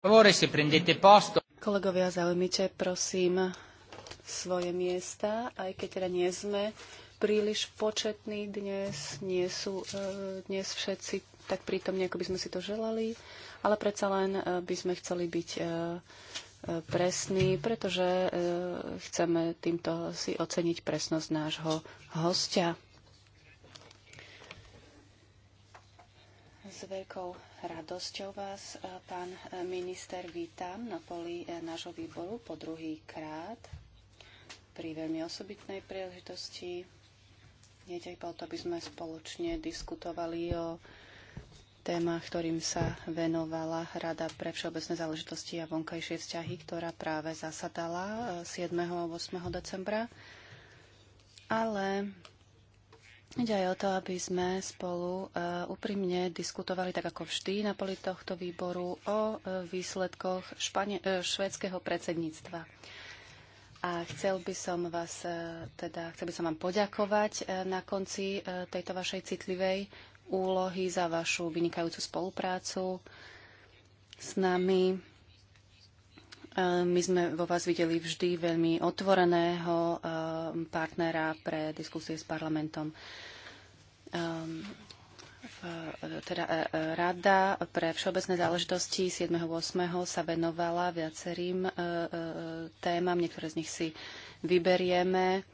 Kolegovia, zaujmite prosím svoje miesta, aj keď teda nie sme príliš početní dnes, nie sú e, dnes všetci tak prítomní, ako by sme si to želali, ale predsa len e, by sme chceli byť e, presní, pretože chceme týmto si oceniť presnosť nášho hostia. S veľkou radosťou vás, e, pán minister, vítam na poli e, nášho výboru po druhý krát pri veľmi osobitnej príležitosti. Nejde aj po to, aby sme spoločne diskutovali o témach, ktorým sa venovala Rada pre všeobecné záležitosti a vonkajšie vzťahy, ktorá práve zasadala 7. E, a 8. decembra. Ale Ide aj o to, aby sme spolu e, úprimne diskutovali, tak ako vždy na poli tohto výboru, o e, výsledkoch španie- e, švédskeho predsedníctva. A chcel by som vás, teda, chcel by som vám poďakovať na konci tejto vašej citlivej úlohy za vašu vynikajúcu spoluprácu s nami my sme vo vás videli vždy veľmi otvoreného partnera pre diskusie s parlamentom. Teda e, e, Rada pre všeobecné záležitosti 7.8. sa venovala viacerým e, témam, niektoré z nich si vyberieme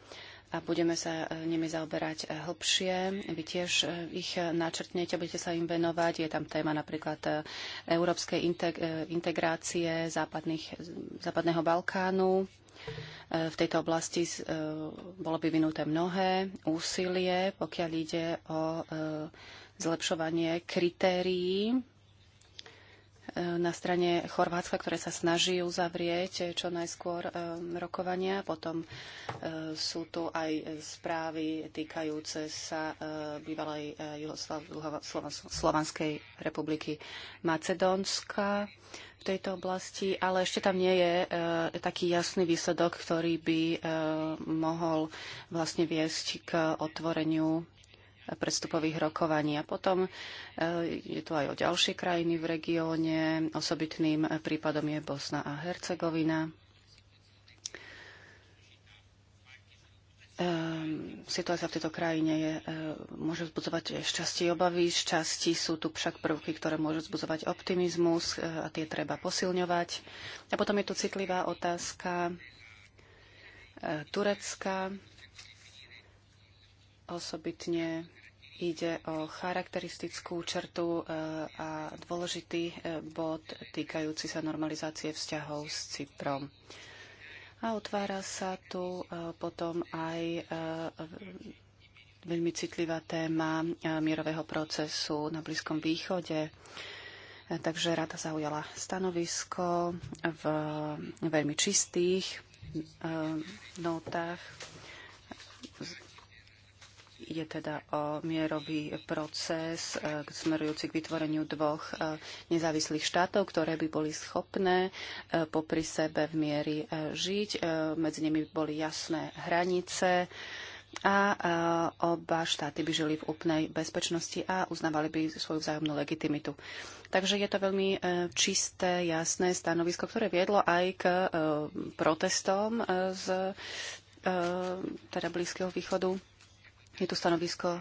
a budeme sa e, nimi zaoberať e, hlbšie. Vy tiež e, ich načrtnete, budete sa im venovať. Je tam téma napríklad európskej integrácie západného Balkánu. V tejto oblasti bolo vynuté mnohé úsilie, pokiaľ ide o zlepšovanie kritérií na strane Chorvátska, ktoré sa snaží uzavrieť čo najskôr e, rokovania. Potom e, sú tu aj správy týkajúce sa e, bývalej Slovanskej republiky Macedónska v tejto oblasti, ale ešte tam nie je taký jasný výsledok, ktorý by mohol vlastne viesť k otvoreniu predstupových rokovaní. A potom e, je tu aj o ďalšie krajiny v regióne. Osobitným prípadom je Bosna a Hercegovina. E, situácia v tejto krajine je, e, môže vzbudzovať šťastie obavy, šťastí sú tu však prvky, ktoré môžu vzbudzovať optimizmus a tie treba posilňovať. A potom je tu citlivá otázka Turecka. Osobitne ide o charakteristickú črtu e, a dôležitý e, bod týkajúci sa normalizácie vzťahov s Cyprom. A otvára sa tu e, potom aj veľmi citlivá téma mierového procesu na Blízkom východe. Takže rada zaujala stanovisko v veľmi čistých notách Ide teda o mierový proces e, smerujúci k vytvoreniu dvoch e, nezávislých štátov, ktoré by boli schopné e, popri sebe v miery žiť. Medzi nimi boli jasné hranice a oba štáty by žili v úplnej bezpečnosti a uznávali by svoju vzájomnú legitimitu. Takže je to veľmi čisté, jasné stanovisko, ktoré viedlo aj k protestom z teda Blízkeho východu. Je tu stanovisko e,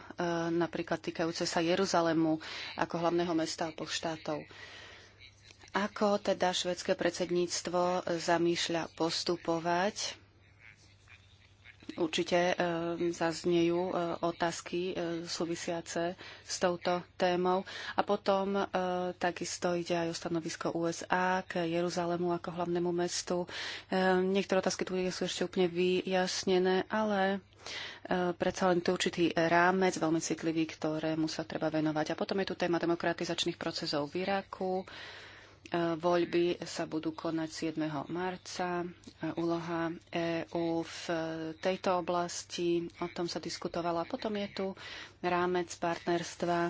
napríklad týkajúce sa Jeruzalému ako hlavného mesta oboch štátov. Ako teda švedské predsedníctvo zamýšľa postupovať Určite eh, zaznejú eh, otázky eh, súvisiace s touto témou. A potom takisto ide aj o stanovisko USA k Jeruzalému ako hlavnému mestu. Niektoré otázky tu sú ešte úplne vyjasnené, ale predsa len tu určitý rámec, veľmi citlivý, ktorému sa treba venovať. A potom je tu téma demokratizačných procesov v Iraku E, voľby sa budú konať 7. marca. E, úloha EÚ v e, tejto oblasti, o tom sa diskutovala. Potom je tu rámec partnerstva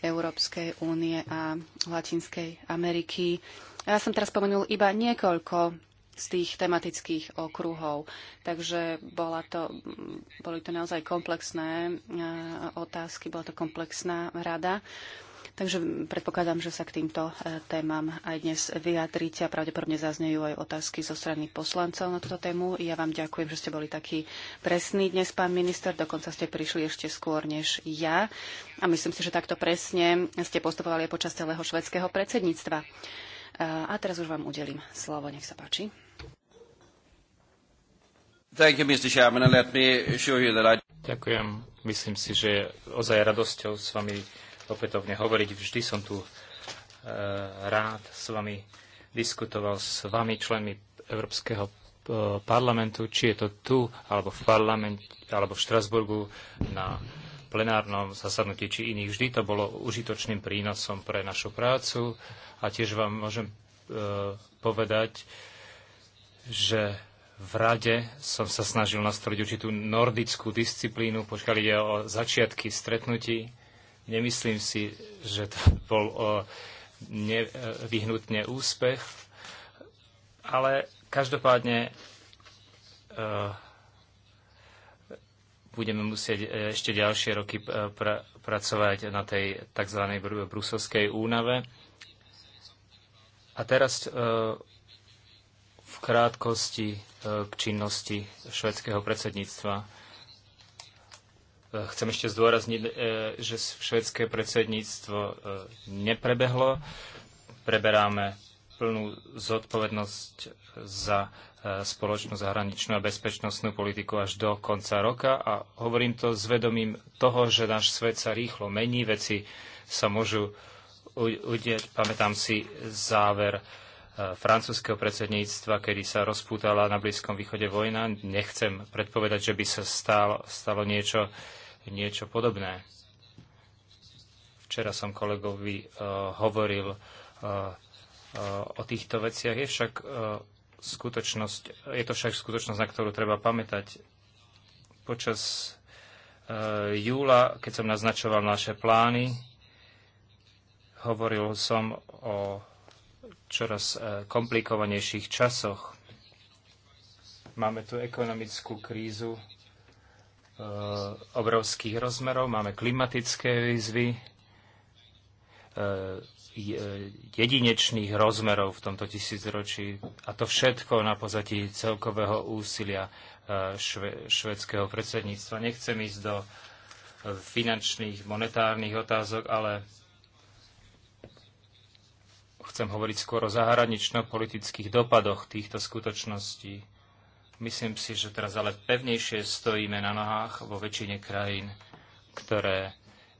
Európskej únie a Latinskej Ameriky. Ja som teraz spomenul iba niekoľko z tých tematických okruhov. Takže bola to, boli to naozaj komplexné otázky, bola to komplexná rada. Takže predpokladám, že sa k týmto e, témam aj dnes vyjadríte a pravdepodobne zaznejú aj otázky zo strany poslancov na túto tému. Ja vám ďakujem, že ste boli taký presný dnes, pán minister. Dokonca ste prišli ešte skôr než ja. A myslím si, že takto presne ste postupovali aj počas celého švedského predsedníctva. E, a teraz už vám udelím slovo. Nech sa páči. Ďakujem. Myslím si, že ozaj radosťou s vami opätovne hovoriť. Vždy som tu e, rád s vami diskutoval s vami, členmi Európskeho e, parlamentu, či je to tu, alebo v parlamente, alebo v Štrasburgu na plenárnom zasadnutí či iných. Vždy to bolo užitočným prínosom pre našu prácu a tiež vám môžem e, povedať, že v rade som sa snažil nastroviť určitú nordickú disciplínu, pokiaľ ide o začiatky stretnutí Nemyslím si, že to bol nevyhnutne e, úspech, ale každopádne e, budeme musieť e, ešte ďalšie roky pracovať na tej tzv. brusovskej únave. A teraz v krátkosti k činnosti švedského predsedníctva. Chcem ešte zdôrazniť, e, že švedské predsedníctvo e, neprebehlo. Preberáme plnú zodpovednosť za e, spoločnú zahraničnú a bezpečnostnú politiku až do konca roka a hovorím to s vedomím toho, že náš svet sa rýchlo mení, veci sa môžu udieť. Pamätám si záver francúzského predsedníctva, kedy sa rozpútala na Blízkom východe vojna. Nechcem predpovedať, že by sa stalo, stalo niečo niečo podobné. Včera som kolegovi uh, hovoril uh, uh, o týchto veciach. Je, však, uh, skutočnosť, je to však skutočnosť, na ktorú treba pamätať. Počas uh, júla, keď som naznačoval naše plány, hovoril som o čoraz uh, komplikovanejších časoch. Máme tu ekonomickú krízu, Eh, obrovských rozmerov, máme klimatické výzvy eh, jedinečných rozmerov v tomto tisícročí a to všetko na pozadí celkového úsilia eh, šve, švedského predsedníctva. Nechcem ísť do finančných, monetárnych otázok, ale chcem hovoriť skôr o zahranično-politických dopadoch týchto skutočností Myslím si, že teraz ale pevnejšie stojíme na nohách vo väčšine krajín, ktoré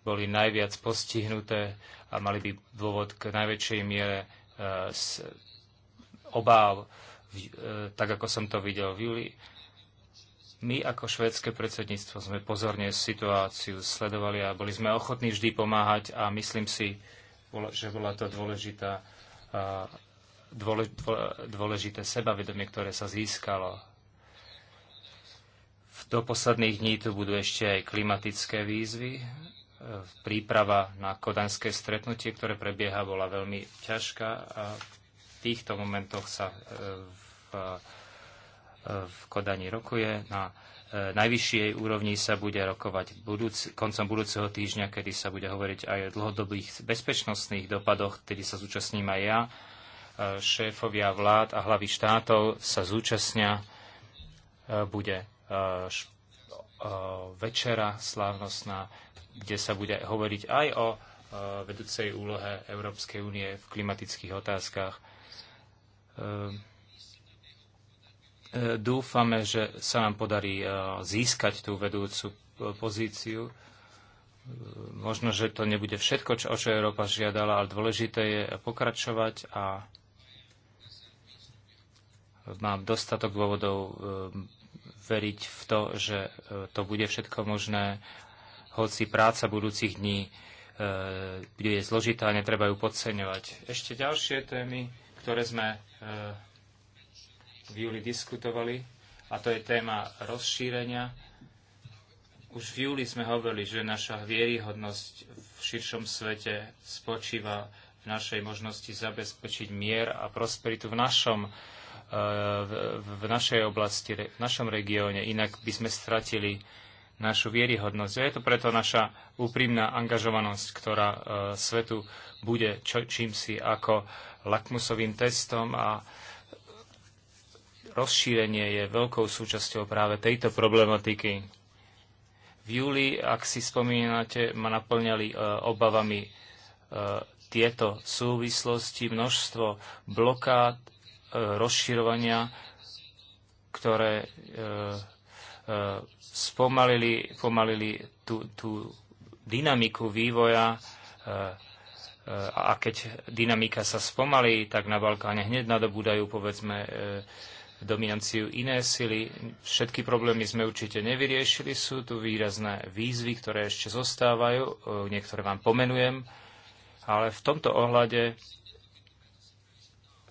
boli najviac postihnuté a mali by dôvod k najväčšej miere z e, obáv, e, tak ako som to videl v júli. My ako švédske predsedníctvo sme pozorne situáciu sledovali a boli sme ochotní vždy pomáhať a myslím si, že bola to dôležitá, dôležité sebavedomie, ktoré sa získalo do posledných dní tu budú ešte aj klimatické výzvy. E, Príprava na kodanské stretnutie, ktoré prebieha, bola veľmi ťažká a v týchto momentoch sa e, v, e, v Kodani rokuje. Na najvyššej úrovni sa bude rokovať budúc, koncom budúceho týždňa, kedy sa bude hovoriť aj o dlhodobých bezpečnostných dopadoch, kedy sa zúčastním aj ja. Šéfovia vlád a hlavy štátov sa zúčastnia bude Eh, večera slávnostná, kde sa bude hovoriť aj o eh, vedúcej úlohe Európskej únie v klimatických otázkach. Eh, dúfame, že sa nám podarí získať tú vedúcu pozíciu. Možno, že to nebude všetko, čo, o čo Európa žiadala, ale dôležité je pokračovať a mám dostatok dôvodov veriť v to, že e, to bude všetko možné, hoci práca budúcich dní e, bude zložitá a netreba ju podceňovať. Ešte ďalšie témy, ktoré sme e, v júli diskutovali, a to je téma rozšírenia. Už v júli sme hovorili, že naša vieryhodnosť v širšom svete spočíva v našej možnosti zabezpečiť mier a prosperitu v našom v našej oblasti, v našom regióne, inak by sme stratili našu vieryhodnosť. A je to preto naša úprimná angažovanosť, ktorá e, svetu bude čo, čím si ako lakmusovým testom a rozšírenie je veľkou súčasťou práve tejto problematiky. V júli, ak si spomínate, ma naplňali e, obavami e, tieto súvislosti, množstvo blokád, rozširovania, ktoré e, e, spomalili, pomalili tú, tú dynamiku vývoja e, a keď dynamika sa spomalí, tak na Balkáne hneď nadobúdajú povedzme dominanciu iné sily. Všetky problémy sme určite nevyriešili, sú tu výrazné výzvy, ktoré ešte zostávajú, niektoré vám pomenujem, ale v tomto ohľade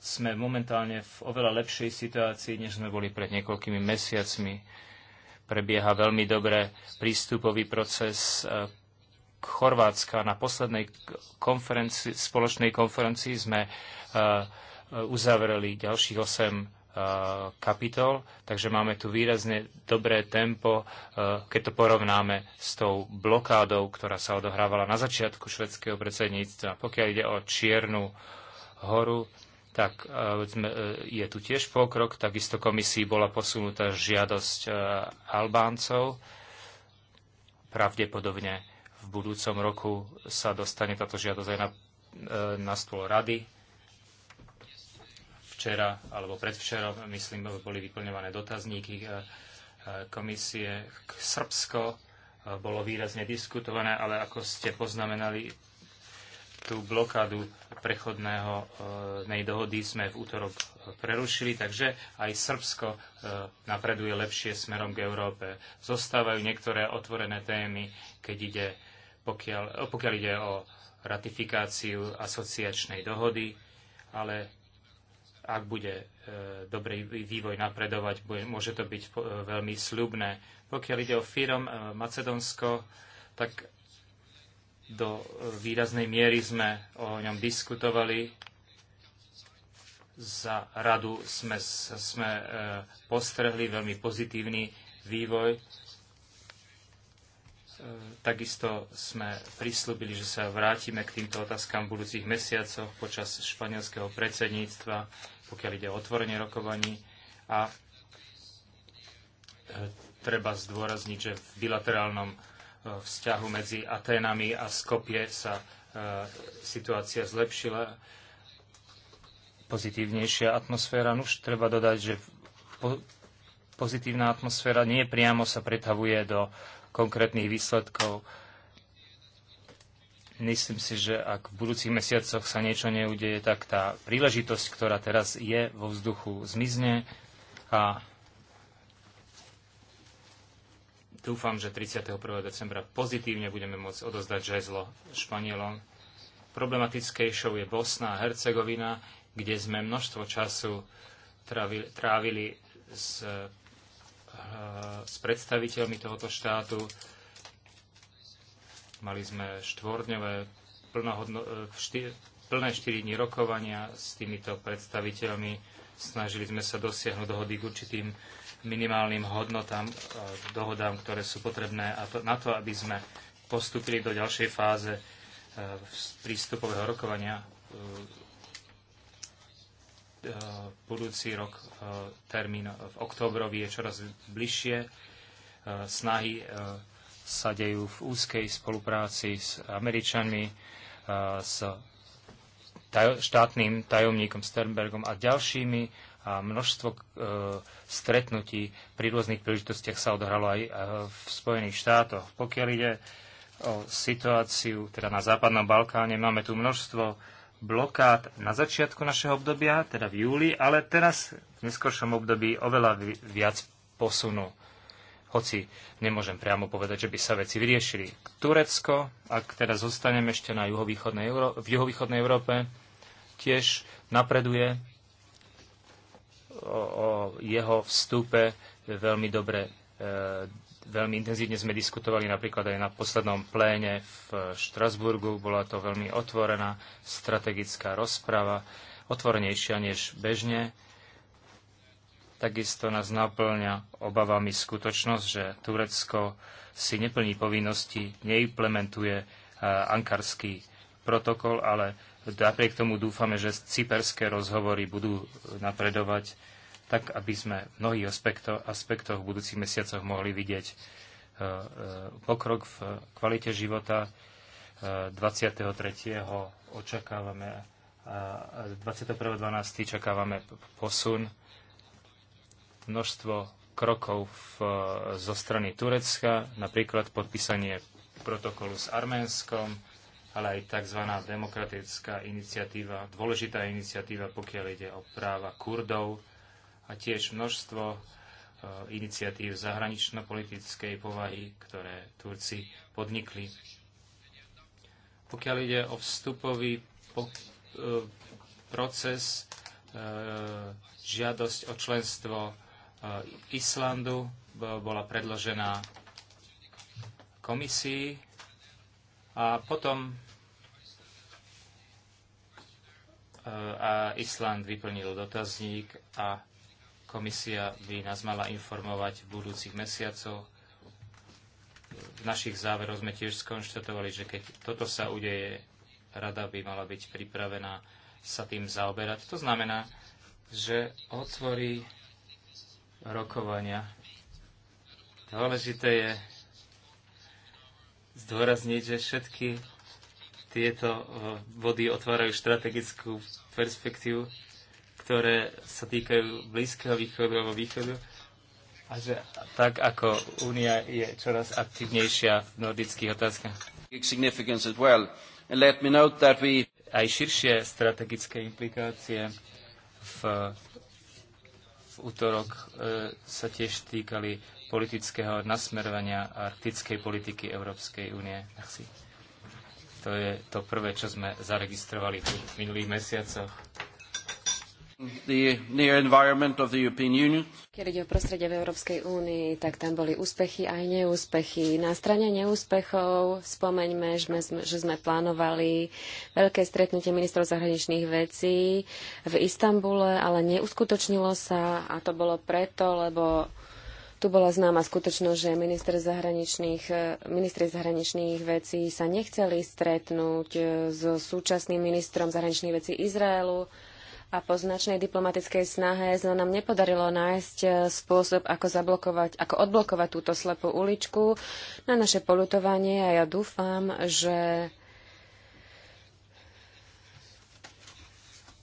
sme momentálne v oveľa lepšej situácii, než sme boli pred niekoľkými mesiacmi. Prebieha veľmi dobre prístupový proces e, k Chorvátska. Na poslednej konferenci, spoločnej konferencii sme e, e, uzavreli ďalších 8 kapitol, takže máme tu výrazne dobré tempo, keď to porovnáme s tou blokádou, ktorá sa odohrávala na začiatku švedského predsedníctva. Pokiaľ ide o Čiernu horu, tak e, e, je tu tiež pokrok. Takisto komisii bola posunutá žiadosť e, Albáncov. Pravdepodobne v budúcom roku sa dostane táto žiadosť aj na, na stôl rady. Včera alebo predvčera myslím, boli vyplňované dotazníky komisie k Srbsko. Bolo výrazne diskutované, ale ako ste poznamenali, tú blokádu prechodného nej eh, dohody sme v útorok eh, prerušili, takže aj Srbsko eh, napreduje lepšie smerom k Európe. Zostávajú niektoré otvorené témy, keď ide, pokiaľ, pokiaľ ide o ratifikáciu asociačnej dohody, ale ak bude dobrý vývoj napredovať, môže to byť veľmi sľubné. Pokiaľ ide o firm Macedónsko, tak do výraznej miery sme o ňom diskutovali. Za radu sme, sme e, postrehli veľmi pozitívny vývoj. E, takisto sme prislúbili, že sa vrátime k týmto otázkam v budúcich mesiacoch počas španielského predsedníctva, pokiaľ ide o otvorenie rokovaní. A e, treba zdôrazniť, že v bilaterálnom Eh, vzťahu medzi Aténami a Skopie sa eh, situácia zlepšila, pozitívnejšia atmosféra. už treba dodať, že pozitívna atmosféra nie priamo sa pretavuje do konkrétnych výsledkov. Myslím si, že ak v budúcich mesiacoch sa niečo neudeje, tak tá príležitosť, ktorá teraz je vo vzduchu, zmizne a Dúfam, že 31. decembra pozitívne budeme môcť odozdať žezlo Španielom. Problematickejšou je Bosna a Hercegovina, kde sme množstvo času trávili, trávili s, eh, s predstaviteľmi tohoto štátu. Mali sme štvordňové eh, plné 4 dní rokovania s týmito predstaviteľmi. Snažili sme sa dosiahnuť dohody k určitým minimálnym hodnotám, e, dohodám, ktoré sú potrebné a to, na to, aby sme postupili do ďalšej fáze e, prístupového rokovania e, budúci rok termín v októbrovi je čoraz bližšie. Snahy sa dejú v úzkej spolupráci s Američanmi, s štátnym tajomníkom Sternbergom a ďalšími a množstvo e, stretnutí pri rôznych príležitostiach sa odhralo aj e, v Spojených štátoch. Pokiaľ ide o situáciu teda na Západnom Balkáne, máme tu množstvo blokád na začiatku našeho obdobia, teda v júli, ale teraz v neskôršom období oveľa viac posunu. Hoci nemôžem priamo povedať, že by sa veci vyriešili. Turecko, ak teda zostaneme ešte na juhovýchodnej Euró- v juhovýchodnej Európe, tiež napreduje o, o jeho vstupe veľmi dobre, e, veľmi intenzívne sme diskutovali napríklad aj na poslednom pléne v Štrasburgu. Bola to veľmi otvorená strategická rozprava, otvorenejšia než bežne. Takisto nás naplňa obavami skutočnosť, že Turecko si neplní povinnosti, neimplementuje e, ankarský protokol, ale Napriek tomu dúfame, že cyperské rozhovory budú napredovať tak, aby sme v mnohých aspektoch, aspektoch v budúcich mesiacoch mohli vidieť e, e, pokrok v kvalite života. 23. E, očakávame 21.12. čakávame posun. Množstvo krokov v, zo strany Turecka, napríklad podpísanie protokolu s Arménskom, ale aj tzv. demokratická iniciatíva, dôležitá iniciatíva, pokiaľ ide o práva Kurdov a tiež množstvo e, iniciatív zahranično-politickej povahy, ktoré Turci podnikli. Pokiaľ ide o vstupový po, e, proces, e, žiadosť o členstvo Islandu bola predložená komisii a potom e, a Island vyplnil dotazník a komisia by nás mala informovať v budúcich mesiacoch. V našich záveroch sme tiež skonštatovali, že keď toto sa udeje, rada by mala byť pripravená sa tým zaoberať. To znamená, že otvorí rokovania. Dôležité je zdôrazniť, že všetky tieto e, vody otvárajú strategickú perspektívu, ktoré sa týkajú Blízkeho východu alebo východu. A že tak ako Únia je čoraz aktivnejšia v nordických otázkach. Well. We... Aj širšie strategické implikácie v, v útorok e, sa tiež týkali politického nasmerovania arktickej politiky Európskej únie. To je to prvé, čo sme zaregistrovali v minulých mesiacoch. Keď ide o prostredie v Európskej únii, tak tam boli úspechy aj neúspechy. Na strane neúspechov spomeňme, že sme, že sme plánovali veľké stretnutie ministrov zahraničných vecí v Istambule, ale neuskutočnilo sa a to bolo preto, lebo tu bola známa skutočnosť, že minister zahraničných, e, ministri zahraničných vecí sa nechceli stretnúť e, so súčasným ministrom zahraničných vecí Izraelu a po značnej diplomatickej snahe sa nám nepodarilo nájsť e, spôsob, ako, zablokovať, ako odblokovať túto slepú uličku na naše polutovanie a ja dúfam, že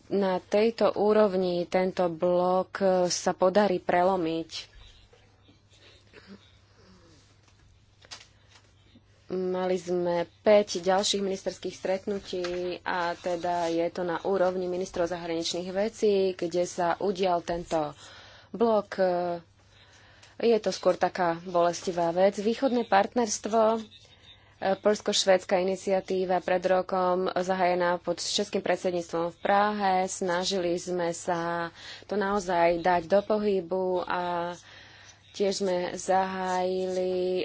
na tejto úrovni tento blok sa podarí prelomiť Mali sme 5 ďalších ministerských stretnutí a teda je to na úrovni ministrov zahraničných vecí, kde sa udial tento blok. Je to skôr taká bolestivá vec. Východné partnerstvo, eh, Polsko-švédska iniciatíva pred rokom zahajená pod českým predsedníctvom v Prahe. Snažili sme sa to naozaj dať do pohybu a Tiež sme zahájili e,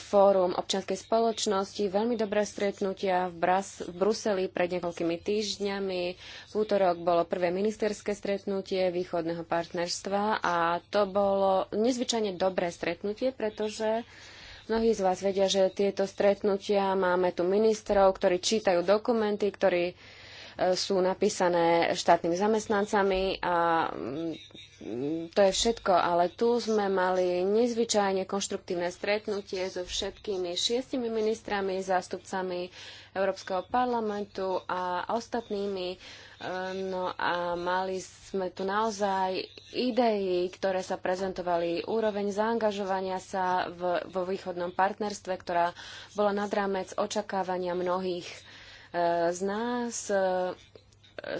fórum občianskej spoločnosti, veľmi dobré stretnutia v, Bras- v Bruseli pred niekoľkými týždňami. V útorok bolo prvé ministerské stretnutie východného partnerstva a to bolo nezvyčajne dobré stretnutie, pretože mnohí z vás vedia, že tieto stretnutia máme tu ministrov, ktorí čítajú dokumenty, ktorí sú napísané štátnymi zamestnancami a mm, to je všetko, ale tu sme mali nezvyčajne konštruktívne stretnutie so všetkými šiestimi ministrami, zástupcami Európskeho parlamentu a ostatnými. E, no a mali sme tu naozaj idei, ktoré sa prezentovali, úroveň zaangažovania sa v, vo východnom partnerstve, ktorá bola nad rámec očakávania mnohých z nás. E,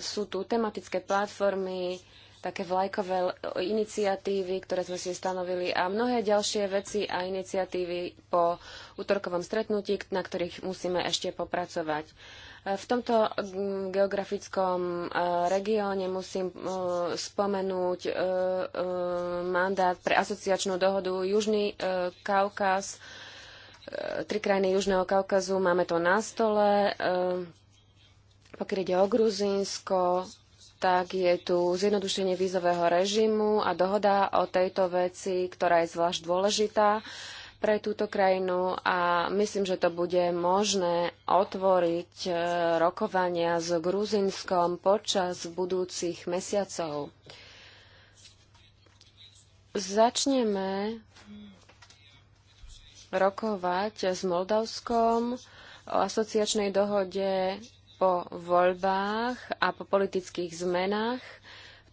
sú tu tematické platformy, také vlajkové iniciatívy, ktoré sme si stanovili a mnohé ďalšie veci a iniciatívy po útorkovom stretnutí, na ktorých musíme ešte popracovať. E, v tomto mm, geografickom e, regióne musím spomenúť mandát pre asociačnú dohodu Južný Kaukaz, E, tri krajiny Južného Kaukazu, máme to na stole. E, pokiaľ ide o Gruzínsko, tak je tu zjednodušenie vízového režimu a dohoda o tejto veci, ktorá je zvlášť dôležitá pre túto krajinu a myslím, že to bude možné otvoriť e, rokovania s Gruzinskom počas budúcich mesiacov. Začneme rokovať s Moldavskom o asociačnej dohode po voľbách a po politických zmenách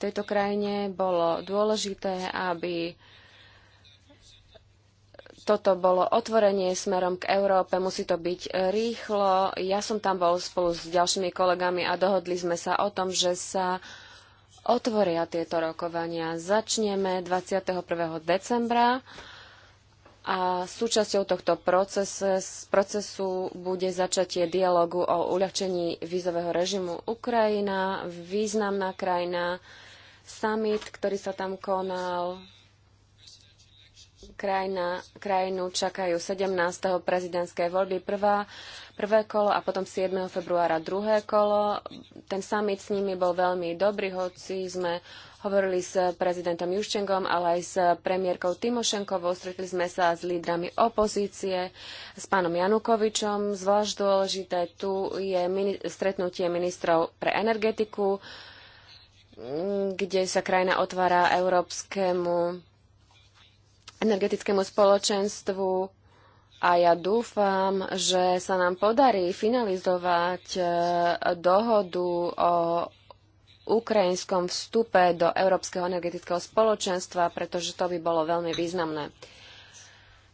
v tejto krajine bolo dôležité, aby toto bolo otvorenie smerom k Európe, musí to byť rýchlo. Ja som tam bol spolu s ďalšími kolegami a dohodli sme sa o tom, že sa otvoria tieto rokovania. Začneme 21. decembra a súčasťou tohto procesu bude začatie dialogu o uľahčení vízového režimu Ukrajina, významná krajina, summit, ktorý sa tam konal. Krajina, krajinu čakajú 17. prezidentské voľby prvá, prvé kolo a potom 7. februára druhé kolo. Ten summit s nimi bol veľmi dobrý, hoci sme hovorili s prezidentom Juščenkom, ale aj s premiérkou Timošenkovou. Stretli sme sa s lídrami opozície, s pánom Janukovičom. Zvlášť dôležité tu je stretnutie ministrov pre energetiku, kde sa krajina otvára európskemu energetickému spoločenstvu a ja dúfam, že sa nám podarí finalizovať eh, dohodu o ukrajinskom vstupe do Európskeho energetického spoločenstva, pretože to by bolo veľmi významné.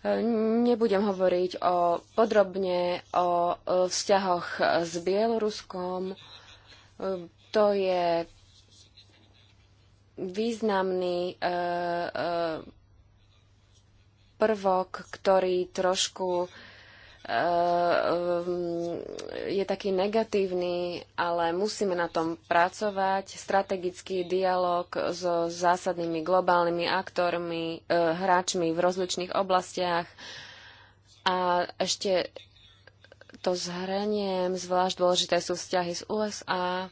E, nebudem hovoriť o, podrobne o e, vzťahoch s Bieloruskom. E, to je významný prvok, ktorý trošku Ehm, je taký negatívny, ale musíme na tom pracovať. Strategický dialog so zásadnými globálnymi aktormi, e, hráčmi v rozličných oblastiach a ešte to zhraniem, zvlášť dôležité sú vzťahy z USA,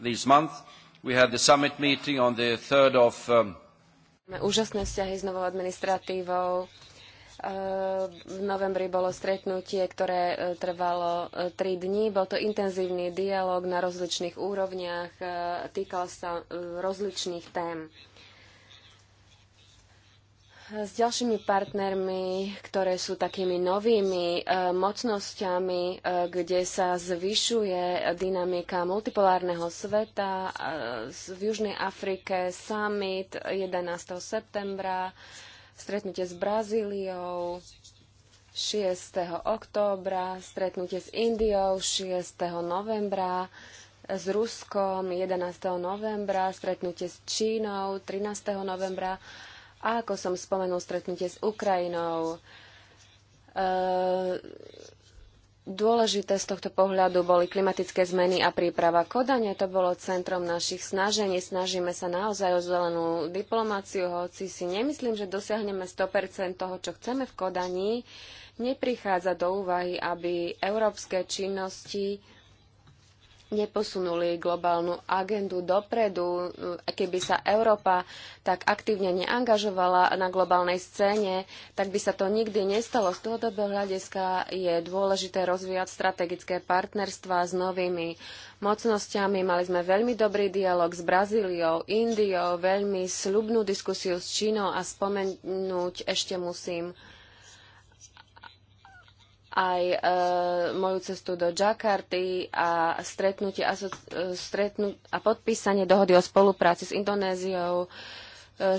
these months We had the summit meeting on the 3rd of... Um... Úžasné vzťahy s novou administratívou. Eh, v novembri bolo stretnutie, ktoré eh, trvalo eh, tri dní. Bol to intenzívny dialog na rozličných úrovniach, týkal sa rozličných tém s ďalšími partnermi, ktoré sú takými novými e, mocnosťami, e, kde sa zvyšuje dynamika multipolárneho sveta. E, v Južnej Afrike summit 11. septembra, stretnutie s Brazíliou 6. októbra, stretnutie s Indiou 6. novembra, s Ruskom 11. novembra, stretnutie s Čínou 13. novembra a ako som spomenul, stretnutie s Ukrajinou. E Dôležité z tohto pohľadu boli klimatické zmeny a príprava Kodane. To bolo centrom našich snažení. Snažíme sa naozaj o zelenú diplomáciu, hoci si nemyslím, že dosiahneme 100% toho, čo chceme v Kodani. Neprichádza do úvahy, aby európske činnosti neposunuli globálnu agendu dopredu, keby sa Európa tak aktívne neangažovala na globálnej scéne, tak by sa to nikdy nestalo. Z dlhodobého hľadiska je dôležité rozvíjať strategické partnerstva s novými mocnosťami. Mali sme veľmi dobrý dialog s Brazíliou, Indiou, veľmi sľubnú diskusiu s Čínou a spomenúť ešte musím aj e, moju cestu do Džakarty a, stretnutie, a, e, stretnu, a podpísanie dohody o spolupráci s Indonéziou. E,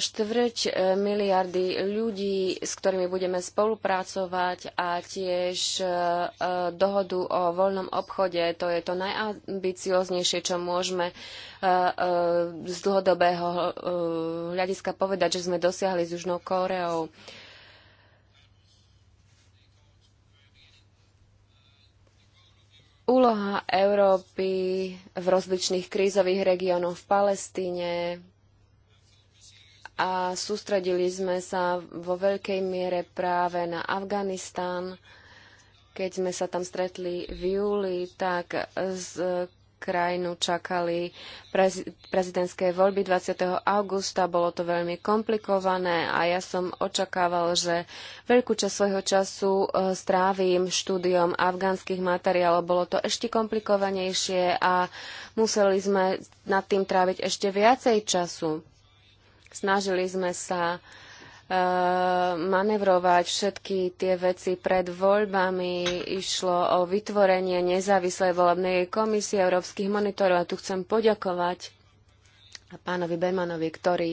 štvrť e, miliardy ľudí, s ktorými budeme spolupracovať a tiež e, dohodu o voľnom obchode. To je to najambicioznejšie, čo môžeme e, z dlhodobého hľadiska povedať, že sme dosiahli s Južnou Kóreou. Úloha Európy v rozličných krízových regiónoch v Palestíne a sústredili sme sa vo veľkej miere práve na Afganistán. Keď sme sa tam stretli v júli, tak z krajinu čakali prezidentské voľby 20. augusta. Bolo to veľmi komplikované a ja som očakával, že veľkú časť svojho času e, strávim štúdiom afgánskych materiálov. Bolo to ešte komplikovanejšie a museli sme nad tým tráviť ešte viacej času. Snažili sme sa uh, manevrovať všetky tie veci pred voľbami. Išlo o vytvorenie nezávislej volebnej komisie európskych monitorov a tu chcem poďakovať pánovi Bemanovi, ktorý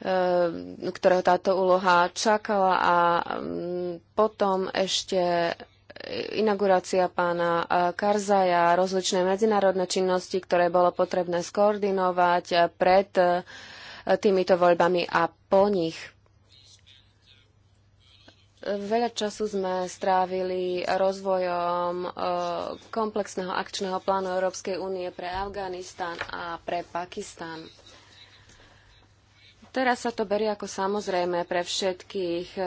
e, ktorého táto úloha čakala a potom ešte inaugurácia pána e, Karzaja, rozličné medzinárodné činnosti, ktoré bolo potrebné skoordinovať pred týmito voľbami a po nich. Veľa času sme strávili rozvojom e, komplexného akčného plánu Európskej únie pre Afganistan a pre Pakistan. Teraz sa to berie ako samozrejme pre všetkých e,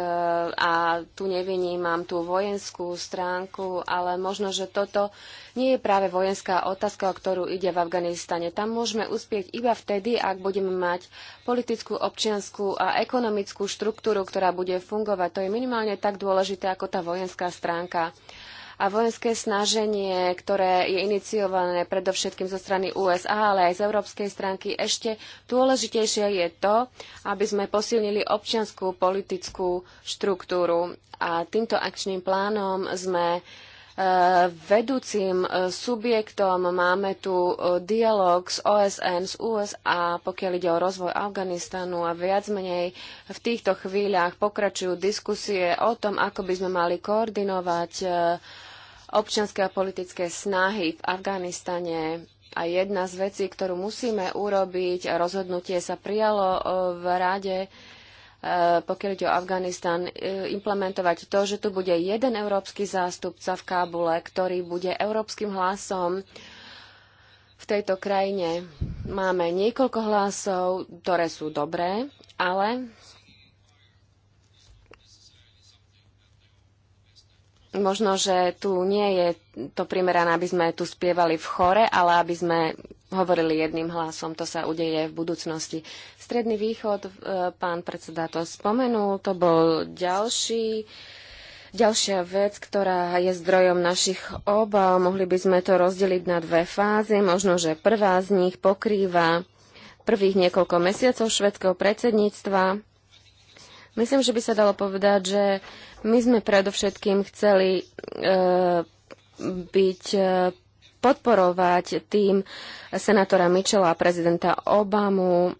a tu nevinímam tú vojenskú stránku, ale možno, že toto nie je práve vojenská otázka, o ktorú ide v Afganistane. Tam môžeme uspieť iba vtedy, ak budeme mať politickú, občianskú a ekonomickú štruktúru, ktorá bude fungovať. To je minimálne tak dôležité ako tá vojenská stránka a vojenské snaženie, ktoré je iniciované predovšetkým zo strany USA, ale aj z európskej stránky, ešte dôležitejšie je to, aby sme posilnili občianskú politickú štruktúru. A týmto akčným plánom sme e, vedúcim e, subjektom máme tu e, dialog s OSN, s USA, pokiaľ ide o rozvoj Afganistanu a viac menej v týchto chvíľach pokračujú diskusie o tom, ako by sme mali koordinovať uh, občianske a politické snahy v Afganistane. A jedna z vecí, ktorú musíme urobiť, a rozhodnutie sa prijalo e, v Rade, e, pokiaľ ide o Afganistan, e, implementovať to, že tu bude jeden európsky zástupca v Kábule, ktorý bude európskym hlasom v tejto krajine. Máme niekoľko hlasov, ktoré sú dobré, ale Možno, že tu nie je to primerané, aby sme tu spievali v chore, ale aby sme hovorili jedným hlasom. To sa udeje v budúcnosti. Stredný východ, e, pán predseda to spomenul, to bol ďalší Ďalšia vec, ktorá je zdrojom našich obav, mohli by sme to rozdeliť na dve fázy. Možno, že prvá z nich pokrýva prvých niekoľko mesiacov švedského predsedníctva Myslím, že by sa dalo povedať, že my sme predovšetkým chceli e, byť e, podporovať tým senátora Mitchella a prezidenta Obamu.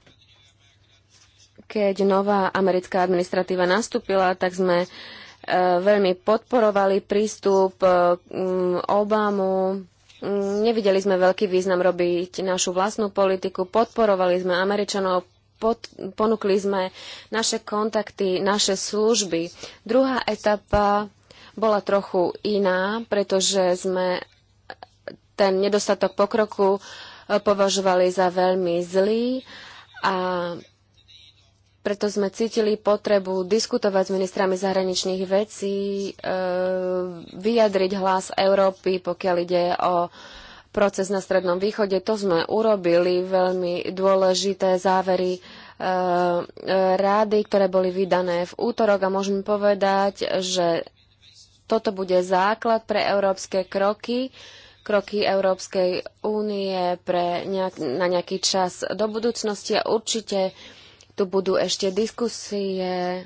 Keď nová americká administratíva nastúpila, tak sme e, veľmi podporovali prístup e, Obamu Nevideli sme veľký význam robiť našu vlastnú politiku, podporovali sme Američanov, pod, ponúkli sme naše kontakty, naše služby. Druhá etapa bola trochu iná, pretože sme ten nedostatok pokroku e, považovali za veľmi zlý a preto sme cítili potrebu diskutovať s ministrami zahraničných vecí, e, vyjadriť hlas Európy, pokiaľ ide o proces na Strednom východe. To sme urobili veľmi dôležité závery e, e rády, ktoré boli vydané v útorok a môžem povedať, že toto bude základ pre európske kroky, kroky Európskej únie pre nejak, na nejaký čas do budúcnosti a určite tu budú ešte diskusie.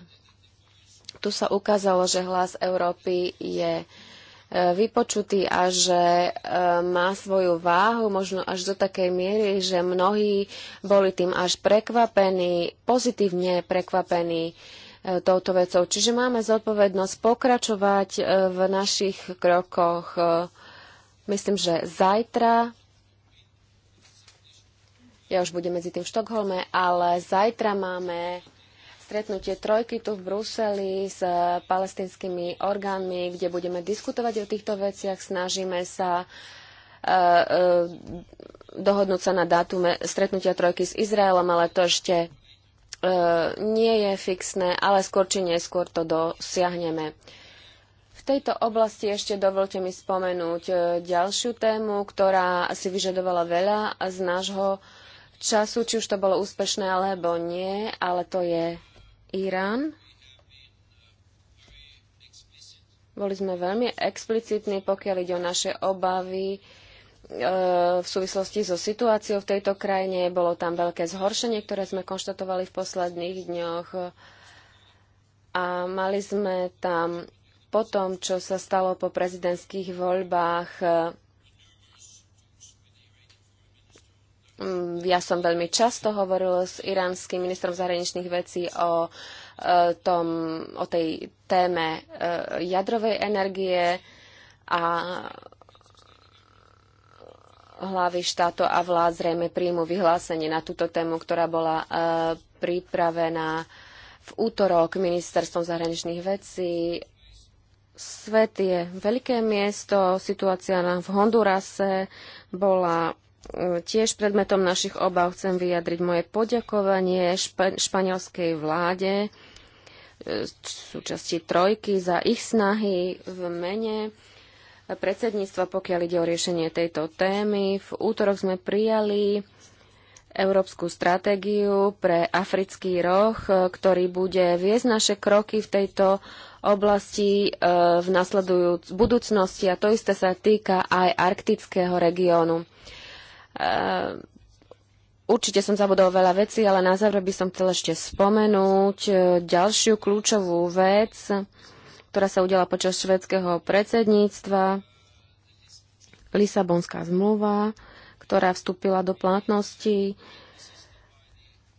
Tu sa ukázalo, že hlas Európy je uh, vypočutý a že e, má svoju váhu možno až do takej miery, že mnohí boli tým až prekvapení, pozitívne prekvapení e, touto vecou. Čiže máme zodpovednosť pokračovať e, v našich krokoch. Myslím, že zajtra ja už budem medzi tým v Štokholme, ale zajtra máme stretnutie trojky tu v Bruseli s eh, palestinskými orgánmi, kde budeme diskutovať o týchto veciach. Snažíme sa eh, eh, dohodnúť sa na dátume stretnutia trojky s Izraelom, ale to ešte nie je fixné, ale skôr či neskôr to dosiahneme. V tejto oblasti ešte dovolte mi spomenúť ďalšiu tému, ktorá si vyžadovala veľa z nášho času, či už to bolo úspešné alebo nie, ale to je Irán. Boli sme veľmi explicitní, pokiaľ ide o naše obavy e, v súvislosti so situáciou v tejto krajine. Bolo tam veľké zhoršenie, ktoré sme konštatovali v posledných dňoch. A mali sme tam po tom, čo sa stalo po prezidentských voľbách, Mm, ja som veľmi často hovoril s iránskym ministrom zahraničných vecí o, e, tom, o tej téme e, jadrovej energie a hlavy štáto a vlád zrejme príjmu vyhlásenie na túto tému, ktorá bola e, pripravená v útorok ministerstvom zahraničných vecí. Svet je veľké miesto, situácia v Hondurase bola tiež predmetom našich obav chcem vyjadriť moje poďakovanie špa- španielskej vláde, e, súčasti trojky za ich snahy v mene predsedníctva, pokiaľ ide o riešenie tejto témy. V útorok sme prijali európsku stratégiu pre africký roh, e, ktorý bude viesť naše kroky v tejto oblasti e, v nasledujúc budúcnosti a to isté sa týka aj arktického regiónu. Eh, určite som zabudol veľa vecí, ale na záver by som chcel ešte spomenúť eh, ďalšiu kľúčovú vec, ktorá sa udiala počas švedského predsedníctva. Lisabonská zmluva, ktorá vstúpila do platnosti.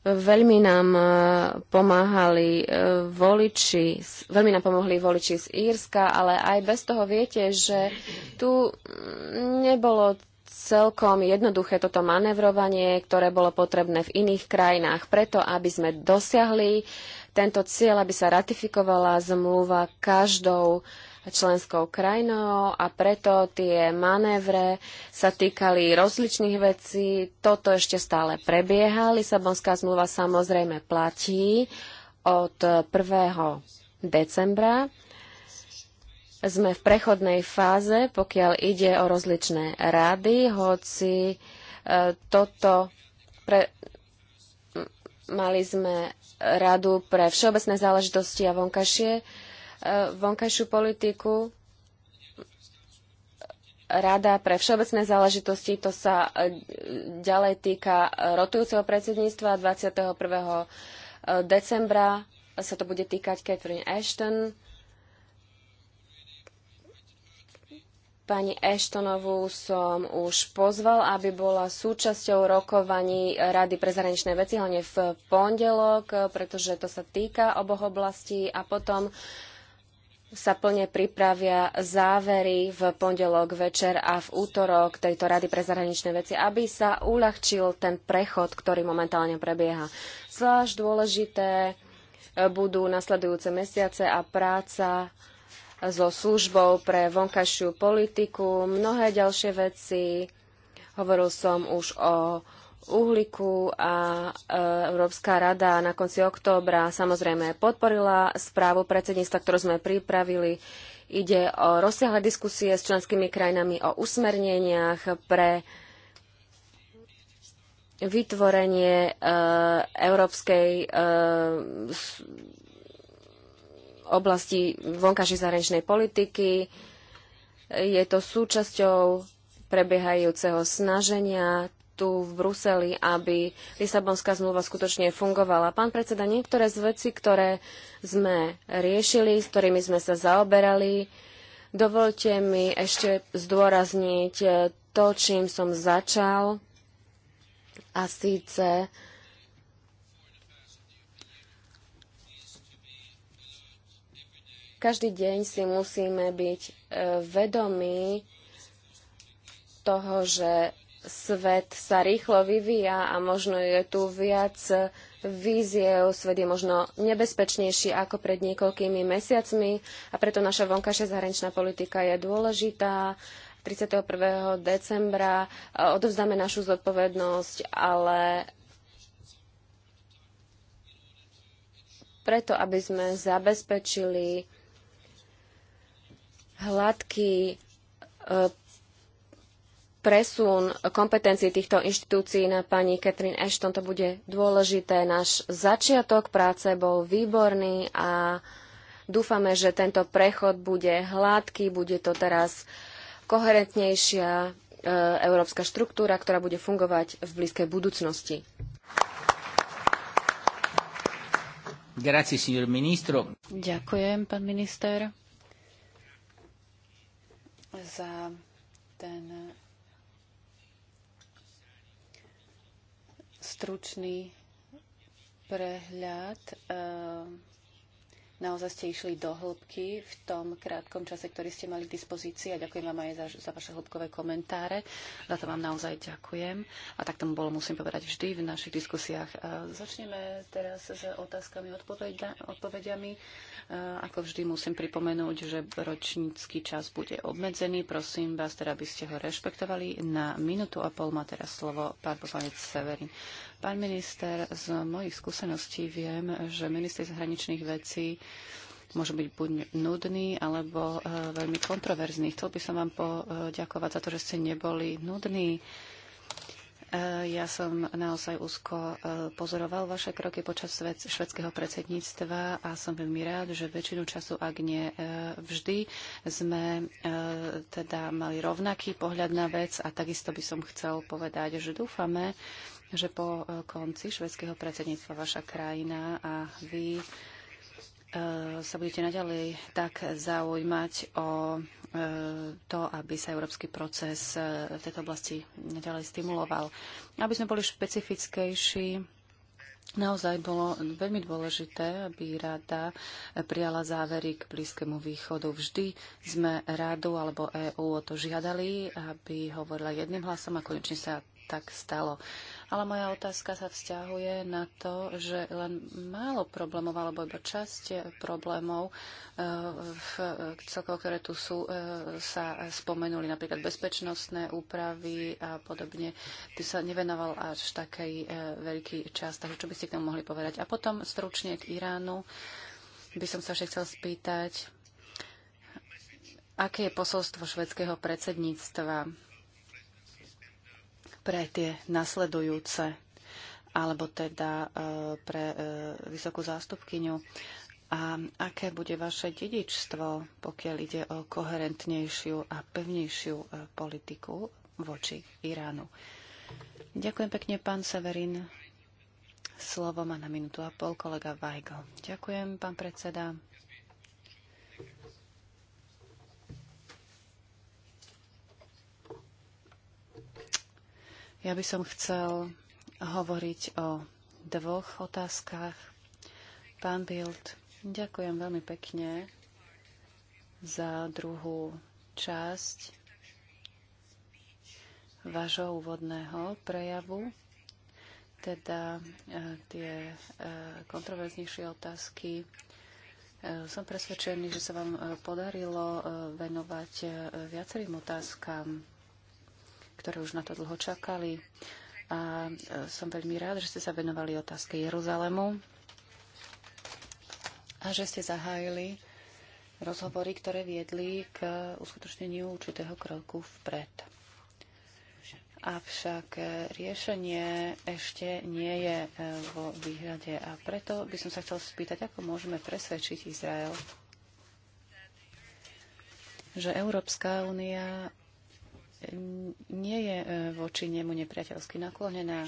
Veľmi nám eh, pomáhali voliči, veľmi nám pomohli voliči z Írska, ale aj bez toho viete, že tu mm, nebolo celkom jednoduché toto manevrovanie, ktoré bolo potrebné v iných krajinách, preto aby sme dosiahli tento cieľ, aby sa ratifikovala zmluva každou členskou krajinou a preto tie manévre sa týkali rozličných vecí. Toto ešte stále prebieha. Lisabonská zmluva samozrejme platí od 1. decembra sme v prechodnej fáze, pokiaľ ide o rozličné rady, hoci e, toto pre... mali sme radu pre všeobecné záležitosti a vonkajšie, e, vonkajšiu politiku, Rada pre všeobecné záležitosti, to sa e, ďalej týka rotujúceho predsedníctva 21. decembra sa to bude týkať Catherine Ashton. Pani Eštonovú som už pozval, aby bola súčasťou rokovaní Rady pre zahraničné veci, hlavne v pondelok, pretože to sa týka oboch oblastí a potom sa plne pripravia závery v pondelok večer a v útorok tejto Rady pre zahraničné veci, aby sa uľahčil ten prechod, ktorý momentálne prebieha. Zvlášť dôležité budú nasledujúce mesiace a práca so službou pre vonkajšiu politiku, mnohé ďalšie veci. Hovoril som už o uhliku a e, Európska rada na konci októbra samozrejme podporila správu predsedníctva, ktorú sme pripravili. Ide o rozsiahle diskusie s členskými krajinami o usmerneniach pre vytvorenie e, európskej e, oblasti vonkajšej zahraničnej politiky. Je to súčasťou prebiehajúceho snaženia tu v Bruseli, aby Lisabonská zmluva skutočne fungovala. Pán predseda, niektoré z vecí, ktoré sme riešili, s ktorými sme sa zaoberali, dovolte mi ešte zdôrazniť to, čím som začal, a síce Každý deň si musíme byť e, vedomí toho, že svet sa rýchlo vyvíja a možno je tu viac víziev, svet je možno nebezpečnejší ako pred niekoľkými mesiacmi a preto naša vonkajšia zahraničná politika je dôležitá. 31. decembra e, odovzdáme našu zodpovednosť, ale preto, aby sme zabezpečili hladký e, presun kompetencií týchto inštitúcií na pani Catherine Ashton to bude dôležité. Náš začiatok práce bol výborný a dúfame, že tento prechod bude hladký, bude to teraz koherentnejšia e, európska štruktúra, ktorá bude fungovať v blízkej budúcnosti. Grazie, Ďakujem, pán minister za ten stručný prehľad eh, Naozaj ste išli do hĺbky v tom krátkom čase, ktorý ste mali k dispozícii a ďakujem vám aj za, za vaše hĺbkové komentáre. Za to vám naozaj ďakujem. A tak tomu bolo, musím povedať, vždy v našich diskusiách. A začneme teraz s otázkami, odpovedia, odpovediami. A ako vždy musím pripomenúť, že ročnícky čas bude obmedzený. Prosím vás teda, aby ste ho rešpektovali. Na minútu a pol má teraz slovo pán poslanec Severin. Pán minister, z mojich skúseností viem, že ministri zahraničných vecí môžu byť buď nudný alebo e, veľmi kontroverzný. Chcel by som vám poďakovať za to, že ste neboli nudní. E, ja som naozaj úzko e, pozoroval vaše kroky počas švedského predsedníctva a som veľmi rád, že väčšinu času, ak nie vždy, sme teda mali rovnaký pohľad na vec a takisto by som chcel povedať, že dúfame, že po e, konci švedského predsedníctva vaša krajina a vy e, sa budete naďalej tak zaujímať o e, to, aby sa európsky proces v tejto oblasti naďalej stimuloval. Aby sme boli špecifickejší, naozaj bolo veľmi dôležité, aby rada prijala závery k Blízkému východu. Vždy sme radu alebo EÚ o to žiadali, aby hovorila jedným hlasom a konečne sa tak stalo. Ale moja otázka sa vzťahuje na to, že len málo problémov, alebo iba časť problémov, eh, v, eh, celkovo, ktoré tu sú, eh, sa spomenuli napríklad bezpečnostné úpravy a podobne. Ty sa nevenoval až taký veľký čas, takže čo by ste k tomu mohli povedať? A potom stručne k Iránu by som sa ešte chcel spýtať, aké je posolstvo švedského predsedníctva pre tie nasledujúce, alebo teda e, pre e, vysokú zástupkyňu. A aké bude vaše dedičstvo, pokiaľ ide o koherentnejšiu a pevnejšiu e, politiku voči Iránu? Ďakujem pekne, pán Severin. Slovo má na minútu a pol kolega Vajgo. Ďakujem, pán predseda. Ja by som chcel hovoriť o dvoch otázkach. Pán Bild, ďakujem veľmi pekne za druhú časť vášho úvodného prejavu, teda e, tie e, kontroverznejšie otázky. E, som presvedčený, že sa vám podarilo venovať viacerým otázkam ktoré už na to dlho čakali. A e, som veľmi rád, že ste sa venovali otázke Jeruzalemu a že ste zahájili rozhovory, ktoré viedli k e, uskutočneniu určitého kroku vpred. Avšak e, riešenie ešte nie je vo výhľade a preto by som sa chcel spýtať, ako môžeme presvedčiť Izrael, že Európska únia nie je e, voči nemu nepriateľsky naklonená,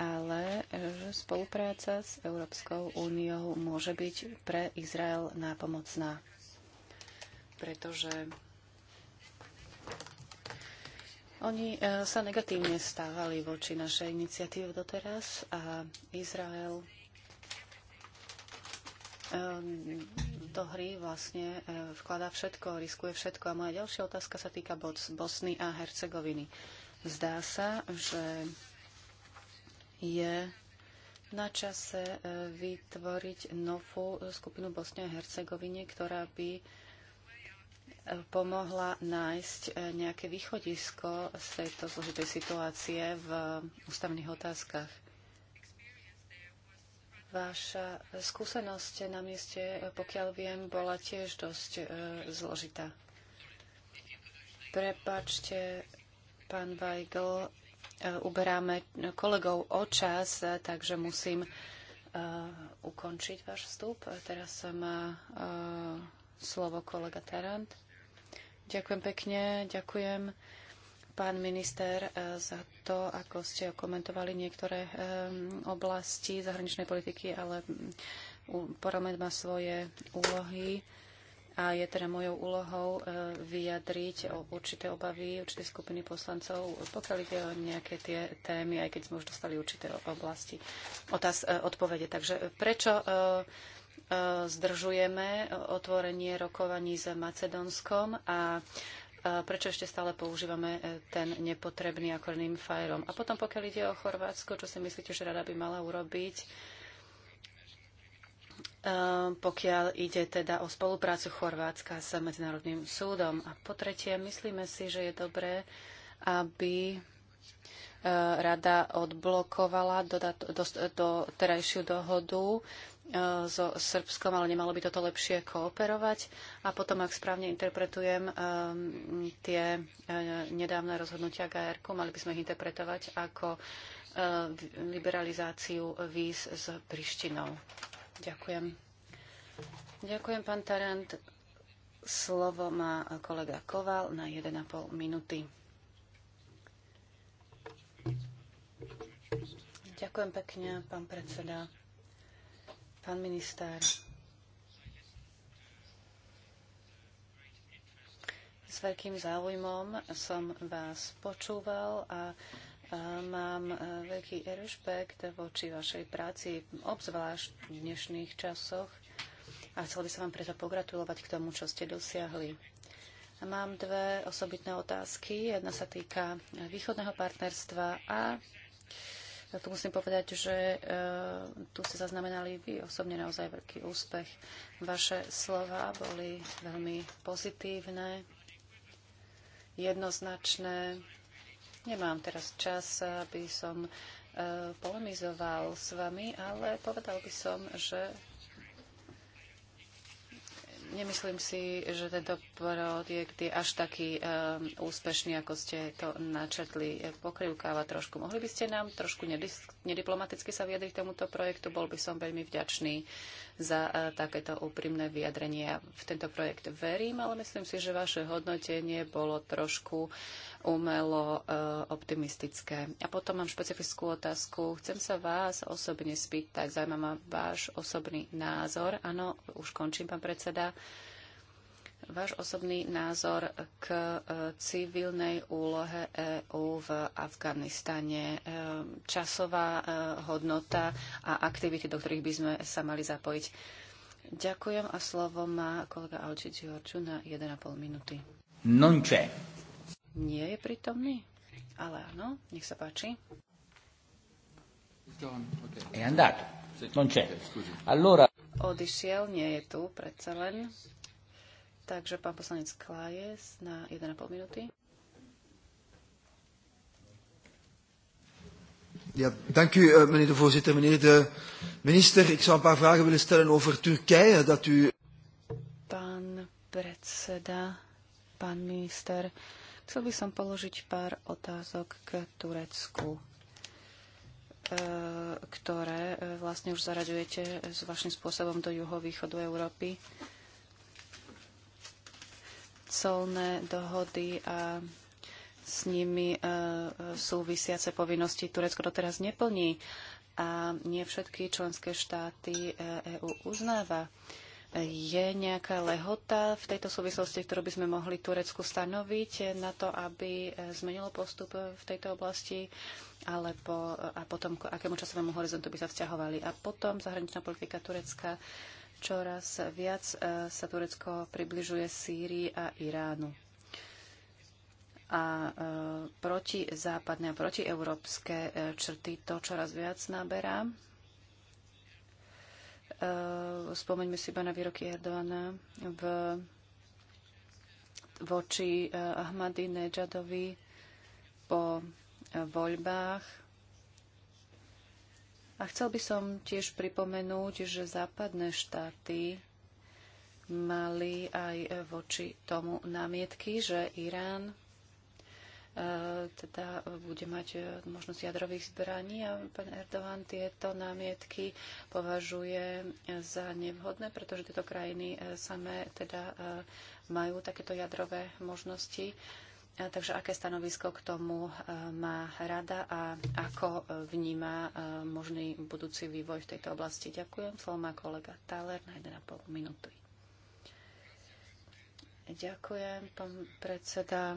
ale že spolupráca s Európskou úniou môže byť pre Izrael nápomocná. Pretože oni e, sa negatívne stávali voči našej iniciatíve doteraz a Izrael do hry vlastne e, vkladá všetko, riskuje všetko. A moja ďalšia otázka sa týka Bosny a Hercegoviny. Zdá sa, že je na čase e, vytvoriť novú skupinu Bosne a Hercegovine, ktorá by e, pomohla nájsť nejaké východisko z tejto zložitej situácie v ústavných otázkach. Vaša skúsenosť na mieste, pokiaľ viem, bola tiež dosť e, zložitá. Prepačte, pán Weigl, e, uberáme kolegov o čas, e, takže musím e, ukončiť váš vstup. E, teraz má e, slovo kolega Tarant. Ďakujem pekne, ďakujem pán minister, e, za to, ako ste komentovali niektoré e, oblasti zahraničnej politiky, ale mm, parlament má svoje úlohy a je teda mojou úlohou e, vyjadriť o určité obavy určité skupiny poslancov, pokiaľ ide o nejaké tie témy, aj keď sme už dostali určité oblasti otáz, odpovede. Takže prečo zdržujeme otvorenie rokovaní s Macedónskom a Eh, prečo ešte stále používame eh, ten nepotrebný akorným fajrom. A potom, pokiaľ ide o Chorvátsko, čo si myslíte, že rada by mala urobiť, eh, pokiaľ ide teda o spoluprácu Chorvátska s Medzinárodným súdom. A po tretie, myslíme si, že je dobré, aby rada odblokovala do, do, do, do terajšiu dohodu Eh, so Srbskom, ale nemalo by toto lepšie kooperovať. A potom, ak správne interpretujem eh, tie eh, nedávne rozhodnutia GR, mali by sme ich interpretovať ako liberalizáciu víz s Prištinou. Ďakujem. Ďakujem, pán Tarant. Slovo má kolega Koval na 1,5 minúty. Ďakujem pekne, pán predseda. Pán minister, s veľkým záujmom som vás počúval a Mám e, veľký rešpekt voči vašej práci, obzvlášť v dnešných časoch. A chcel by som vám preto pogratulovať k tomu, čo ste dosiahli. Mám dve osobitné otázky. Jedna sa týka východného partnerstva a tu musím povedať, že e, tu ste zaznamenali vy osobne naozaj veľký úspech. Vaše slova boli veľmi pozitívne, jednoznačné. Nemám teraz čas, aby som e, polemizoval s vami, ale povedal by som, že Nemyslím si, že tento projekt je až taký um, úspešný, ako ste to načetli. Pokrivkáva trošku. Mohli by ste nám trošku nediplomaticky sa vyjadriť tomuto projektu? Bol by som veľmi vďačný za uh, takéto úprimné vyjadrenie. Ja v tento projekt verím, ale myslím si, že vaše hodnotenie bolo trošku umelo uh, optimistické. A potom mám špecifickú otázku. Chcem sa vás osobne spýtať. Zaujíma váš osobný názor. Áno, už končím, pán predseda váš osobný názor k e, civilnej úlohe EÚ v Afganistane, e, časová e, hodnota a aktivity, do ktorých by sme sa mali zapojiť. Ďakujem a slovo má kolega Alči Giorgiu na 1,5 minúty. Non c'è. Nie je prítomný? Ale áno, nech sa páči. È andato. Non c'è. Allora odišiel, nie je tu predsa len. Takže pán poslanec Klájes na 1,5 minúty. Ja, dank u, eh, meneer de voorzitter. Meneer de minister, ik zou een paar vragen willen stellen over Turkije. Dat u... Pán predseda, pán minister, chcel by som položiť pár otázok k Turecku. E, ktoré e, vlastne už zaraďujete e, s vašim spôsobom do juhovýchodu Európy. Colné dohody a s nimi súvisiace povinnosti Turecko doteraz neplní a nie všetky členské štáty EÚ uznáva. E, je nejaká lehota v tejto súvislosti, ktorú by sme mohli Turecku stanoviť na to, aby e, zmenilo postup v tejto oblasti? Alebo e, a potom k akému časovému horizontu by sa vzťahovali? A potom zahraničná politika Turecka čoraz viac e, sa Turecko približuje Sýrii a Iránu a e, protizápadné a protieurópske e, črty to čoraz viac naberá. Eh, spomeňme si iba na výroky Erdoána v, voči eh, Nejadovi po eh, voľbách. A chcel by som tiež pripomenúť, že západné štáty mali aj voči tomu námietky, že Irán E, teda bude mať e, možnosť jadrových zbraní a pán Erdogan tieto námietky považuje za nevhodné, pretože tieto krajiny e, samé teda majú takéto jadrové možnosti. Takže aké stanovisko k tomu má rada a ako vníma možný budúci vývoj v tejto oblasti? Ďakujem. Slovo má kolega Thaler na 1,5 minúty. Ďakujem, pán predseda.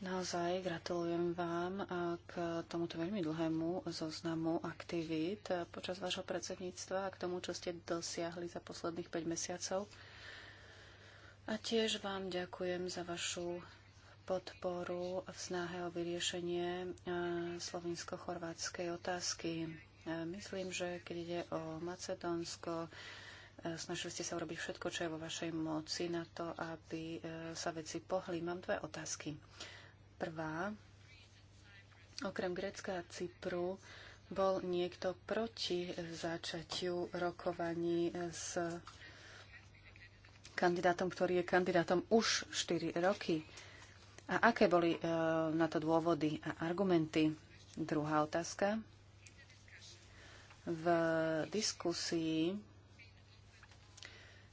Naozaj gratulujem vám k tomuto veľmi dlhému zoznamu aktivít počas vášho predsedníctva a k tomu, čo ste dosiahli za posledných 5 mesiacov. A tiež vám ďakujem za vašu podporu v snahe o vyriešenie slovinsko-chorvátskej otázky. Myslím, že keď ide o Macedónsko, snažili ste sa urobiť všetko, čo je vo vašej moci na to, aby sa veci pohli. Mám dve otázky prvá. Okrem Grécka a Cypru bol niekto proti začatiu rokovaní s kandidátom, ktorý je kandidátom už 4 roky. A aké boli e, na to dôvody a argumenty? Druhá otázka. V diskusii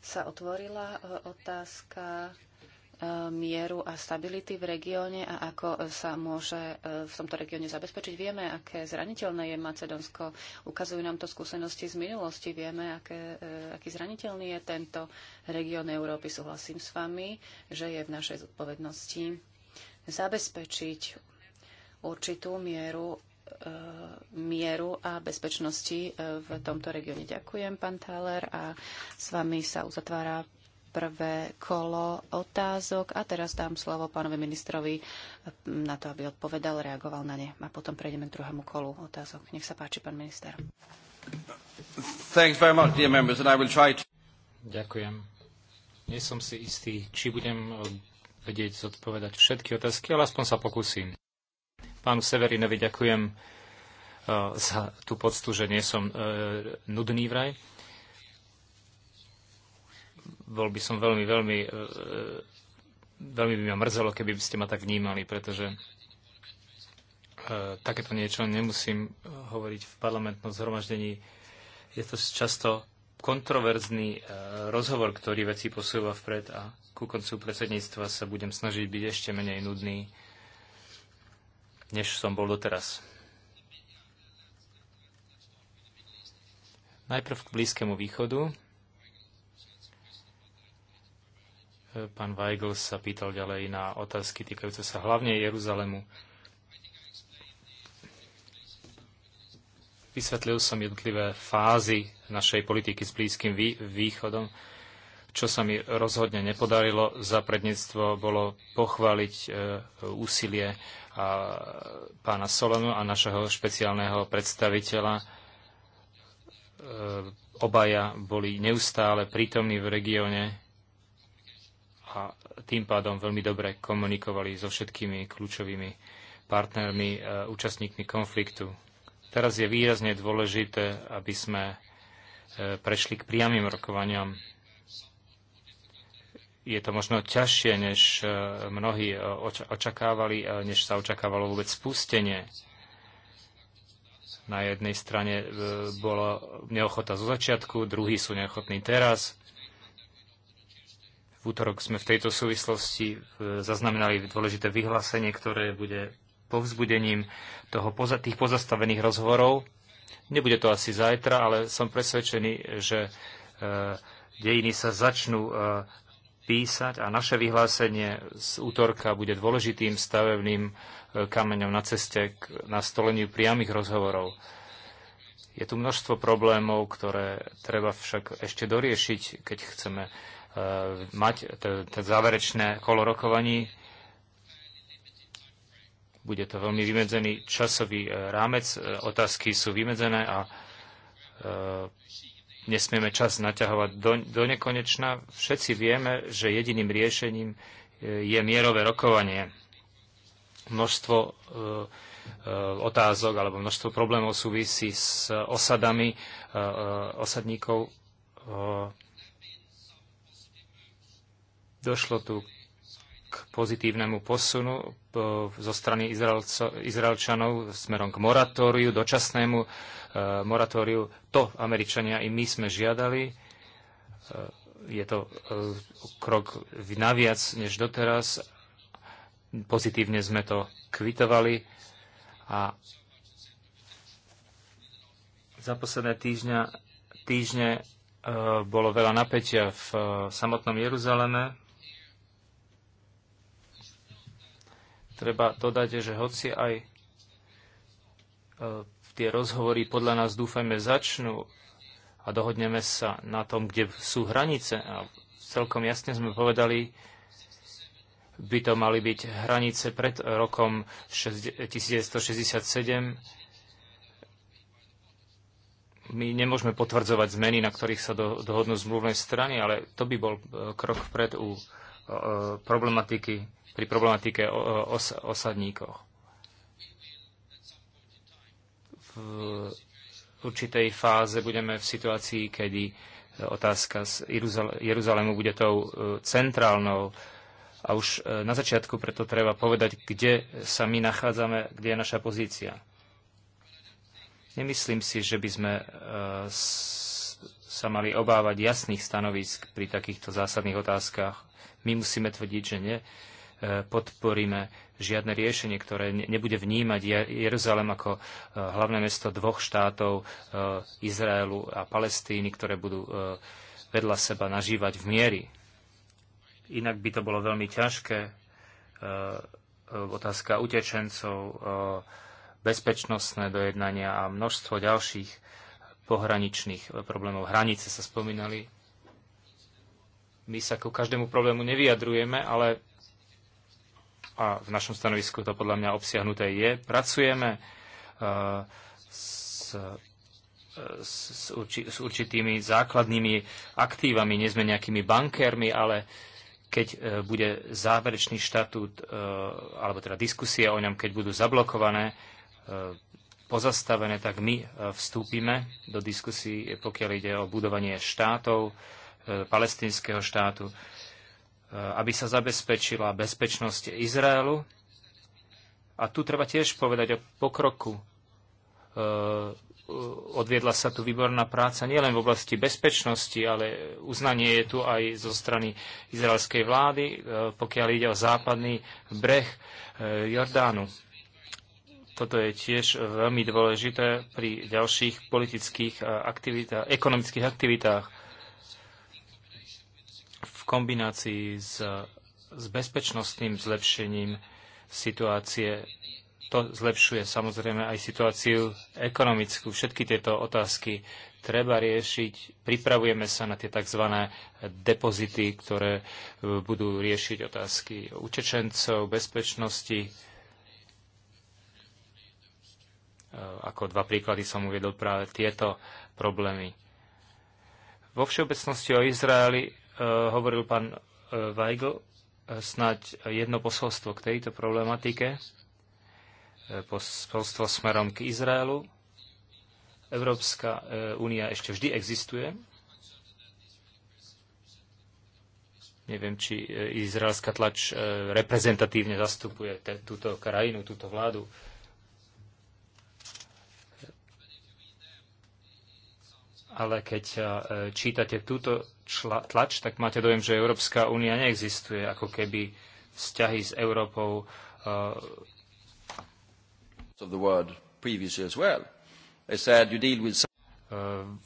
sa otvorila e, otázka mieru a stability v regióne a ako sa môže e, v tomto regióne zabezpečiť. Vieme, aké zraniteľné je Macedónsko. Ukazujú nám to skúsenosti z minulosti. Vieme, aké, e, aký zraniteľný je tento región Európy. Súhlasím s vami, že je v našej zodpovednosti zabezpečiť určitú mieru e, mieru a bezpečnosti v tomto regióne. Ďakujem, pán Thaler, a s vami sa uzatvára prvé kolo otázok a teraz dám slovo pánovi ministrovi na to, aby odpovedal, reagoval na ne a potom prejdeme k druhému kolu otázok. Nech sa páči, pán minister. Much, members, to... Ďakujem. Nie som si istý, či budem eh, vedieť zodpovedať všetky otázky, ale aspoň sa pokúsim. Pánu Severinovi ďakujem eh, za tú poctu, že nie som eh, nudný vraj bol by som veľmi, veľmi, e, veľmi by ma mrzelo, keby by ste ma tak vnímali, pretože e, takéto niečo nemusím hovoriť v parlamentnom zhromaždení. Je to často kontroverzný e, rozhovor, ktorý veci posúva vpred a ku koncu predsedníctva sa budem snažiť byť ešte menej nudný, než som bol doteraz. Najprv k Blízkému východu. Pán Weigl sa pýtal ďalej na otázky týkajúce sa hlavne Jeruzalemu. Vysvetlil som jednotlivé fázy našej politiky s Blízkym východom. Čo sa mi rozhodne nepodarilo za predníctvo, bolo pochváliť e, úsilie e, pána Solonu a našeho špeciálneho predstaviteľa. E, obaja boli neustále prítomní v regióne a tým pádom veľmi dobre komunikovali so všetkými kľúčovými partnermi, e, účastníkmi konfliktu. Teraz je výrazne dôležité, aby sme e, prešli k priamým rokovaniam. Je to možno ťažšie, než e, mnohí očakávali, než sa očakávalo vôbec spustenie. Na jednej strane bola neochota zo začiatku, druhí sú neochotní teraz útorok sme v tejto súvislosti e, zaznamenali dôležité vyhlásenie, ktoré bude povzbudením toho, tých pozastavených rozhovorov. Nebude to asi zajtra, ale som presvedčený, že e, dejiny sa začnú e, písať a naše vyhlásenie z útorka bude dôležitým stavebným kameňom na ceste k nastoleniu priamých rozhovorov. Je tu množstvo problémov, ktoré treba však ešte doriešiť, keď chceme E, mať to záverečné kolo rokovaní. Bude to veľmi vymedzený časový e, rámec, e, otázky sú vymedzené a nesmieme čas naťahovať do, do nekonečna. Všetci vieme, že jediným riešením je mierové rokovanie. Množstvo uh, otázok alebo množstvo problémov súvisí s osadami osadníkov. Došlo tu k pozitívnemu posunu e, zo strany Izraelco, Izraelčanov smerom k moratóriu, dočasnému e, moratóriu. To Američania i my sme žiadali. E, je to krok naviac než doteraz. Pozitívne sme to kvitovali a za posledné týždňa, týždne bolo veľa napätia v samotnom Jeruzaleme treba dodať, že hoci aj e, tie rozhovory podľa nás dúfajme začnú a dohodneme sa na tom, kde sú hranice. A celkom jasne sme povedali, by to mali byť hranice pred rokom 1967. My nemôžeme potvrdzovať zmeny, na ktorých sa do, dohodnú zmluvné strany, ale to by bol e, krok vpred u e, problematiky pri problematike o, os, osadníkoch. V určitej fáze budeme v situácii, kedy otázka z Jeruzal- Jeruzalému bude tou e, centrálnou a už e, na začiatku preto treba povedať, kde sa my nachádzame, kde je naša pozícia. Nemyslím si, že by sme e, sa mali obávať jasných stanovisk pri takýchto zásadných otázkach. My musíme tvrdiť, že nie. E, podporíme žiadne riešenie, ktoré nebude vnímať Jeruzalem ako e, hlavné mesto dvoch štátov, e, Izraelu a Palestíny, ktoré budú vedľa seba nažívať v miery. Inak by to bolo veľmi ťažké. Otázka utečencov, bezpečnostné dojednania a množstvo ďalších pohraničných problémov. Hranice sa spomínali. My sa ku každému problému nevyjadrujeme, ale a v našom stanovisku to podľa mňa obsiahnuté je, pracujeme e, s, s, s určitými základnými aktívami, nie sme nejakými bankérmi, ale keď e, bude záverečný štatút, e, alebo teda diskusie o ňom, keď budú zablokované, pozastavené, tak my vstúpime do diskusí, pokiaľ ide o budovanie štátov, palestinského štátu. Eh, aby sa zabezpečila bezpečnosť Izraelu. A tu treba tiež povedať o pokroku. Eh, eh, odviedla sa tu výborná práca nielen v oblasti bezpečnosti, ale uznanie je tu aj zo strany izraelskej vlády, pokiaľ ide o západný breh Jordánu. Toto je tiež veľmi dôležité pri ďalších politických aktivitách, ekonomických aktivitách kombinácii s, s bezpečnostným zlepšením situácie to zlepšuje samozrejme aj situáciu ekonomickú. Všetky tieto otázky treba riešiť. Pripravujeme sa na tie tzv. depozity, ktoré e, budú riešiť otázky utečencov, bezpečnosti. E, ako dva príklady som uviedol práve tieto problémy. Vo všeobecnosti o Izraeli Eh, hovoril pán eh, Weigl, eh, snáď jedno posolstvo k tejto problematike, posolstvo smerom k Izraelu. Európska únia ešte vždy existuje. Neviem, či izraelská tlač reprezentatívne zastupuje túto krajinu, túto vládu. ale keď e, čítate túto tlač, tak máte dojem, že Európska únia neexistuje, ako keby vzťahy s Európou e, e,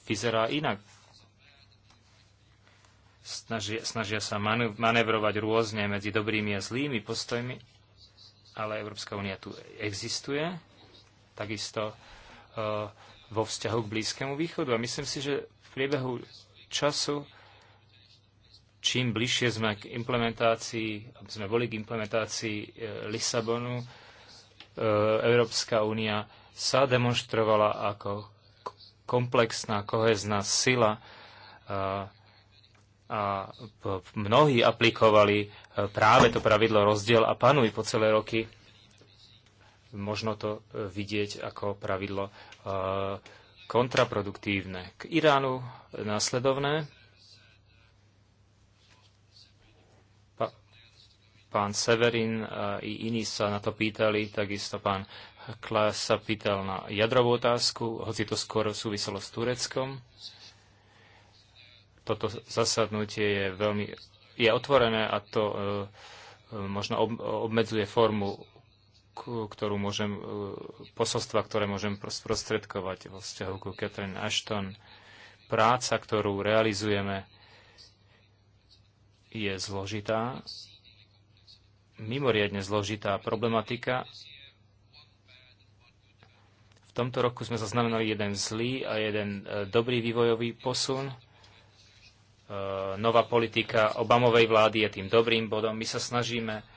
vyzerá inak. Snažia, snažia sa manevrovať rôzne medzi dobrými a zlými postojmi, ale Európska únia tu existuje. Takisto uh, vo vzťahu k Blízkému východu. A myslím si, že v priebehu času, čím bližšie sme k implementácii, sme boli k implementácii e, Lisabonu, e, Európska únia sa demonštrovala ako komplexná, kohezná sila e, a, a mnohí aplikovali práve to pravidlo rozdiel a panuj po celé roky možno to e, vidieť ako pravidlo e, kontraproduktívne. K Iránu e, následovné. Pán Severin i iní sa na to pýtali, takisto pán Klas sa pýtal na jadrovú otázku, hoci to skôr súviselo s Tureckom. Toto zasadnutie je veľmi je otvorené a to možno obmedzuje formu ktorú môžem, e, posolstva, ktoré môžem sprostredkovať vo vzťahu ku Catherine Ashton. Práca, ktorú realizujeme, je zložitá, mimoriadne zložitá problematika. V tomto roku sme zaznamenali jeden zlý a jeden e, dobrý vývojový posun e, nová politika Obamovej vlády je tým dobrým bodom. My sa snažíme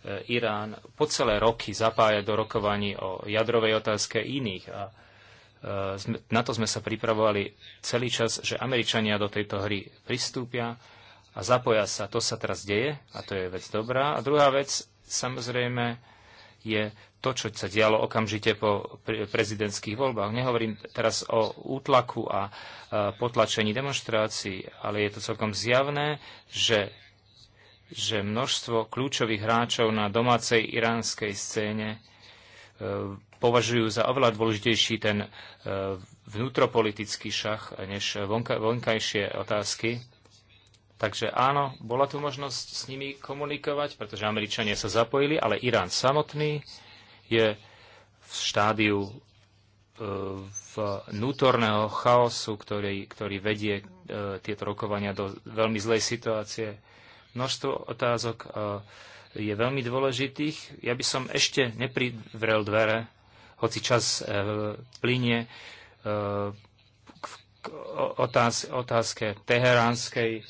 E, Irán po celé roky zapája do rokovaní o jadrovej otázke iných. A e, na to sme sa pripravovali celý čas, že Američania do tejto hry pristúpia a zapoja sa. To sa teraz deje a to je vec dobrá. A druhá vec, samozrejme, je to, čo sa dialo okamžite po prezidentských voľbách. Nehovorím teraz o útlaku a potlačení demonstrácií, ale je to celkom zjavné, že že množstvo kľúčových hráčov na domácej iránskej scéne e, považujú za oveľa dôležitejší ten e, vnútropolitický šach než vonka, vonkajšie otázky. Takže áno, bola tu možnosť s nimi komunikovať, pretože Američania sa zapojili, ale Irán samotný je v štádiu e, vnútorného chaosu, ktorý, ktorý vedie tieto rokovania do veľmi zlej situácie. Množstvo otázok e, je veľmi dôležitých. Ja by som ešte neprivrel dvere, hoci čas e, plinie, e, k otázke teheránskej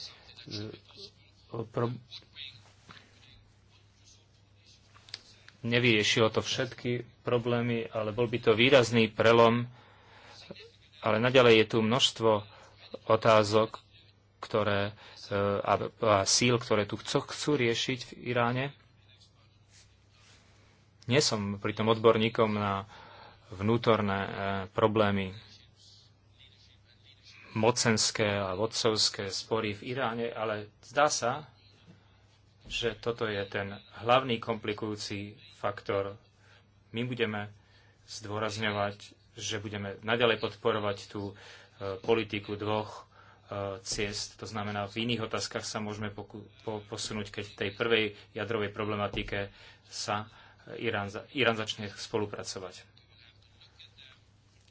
nevyriešilo to všetky problémy, ale bol by to výrazný prelom. Ale naďalej je tu množstvo otázok, ktoré a, a síl, ktoré tu chcú, chcú riešiť v Iráne. Nie som pritom odborníkom na vnútorné e, problémy mocenské a vodcovské spory v Iráne, ale zdá sa, že toto je ten hlavný komplikujúci faktor. My budeme zdôrazňovať, že budeme naďalej podporovať tú e, politiku dvoch ciest. To znamená, v iných otázkach sa môžeme po posunúť, keď v tej prvej jadrovej problematike sa Irán, za Irán začne spolupracovať.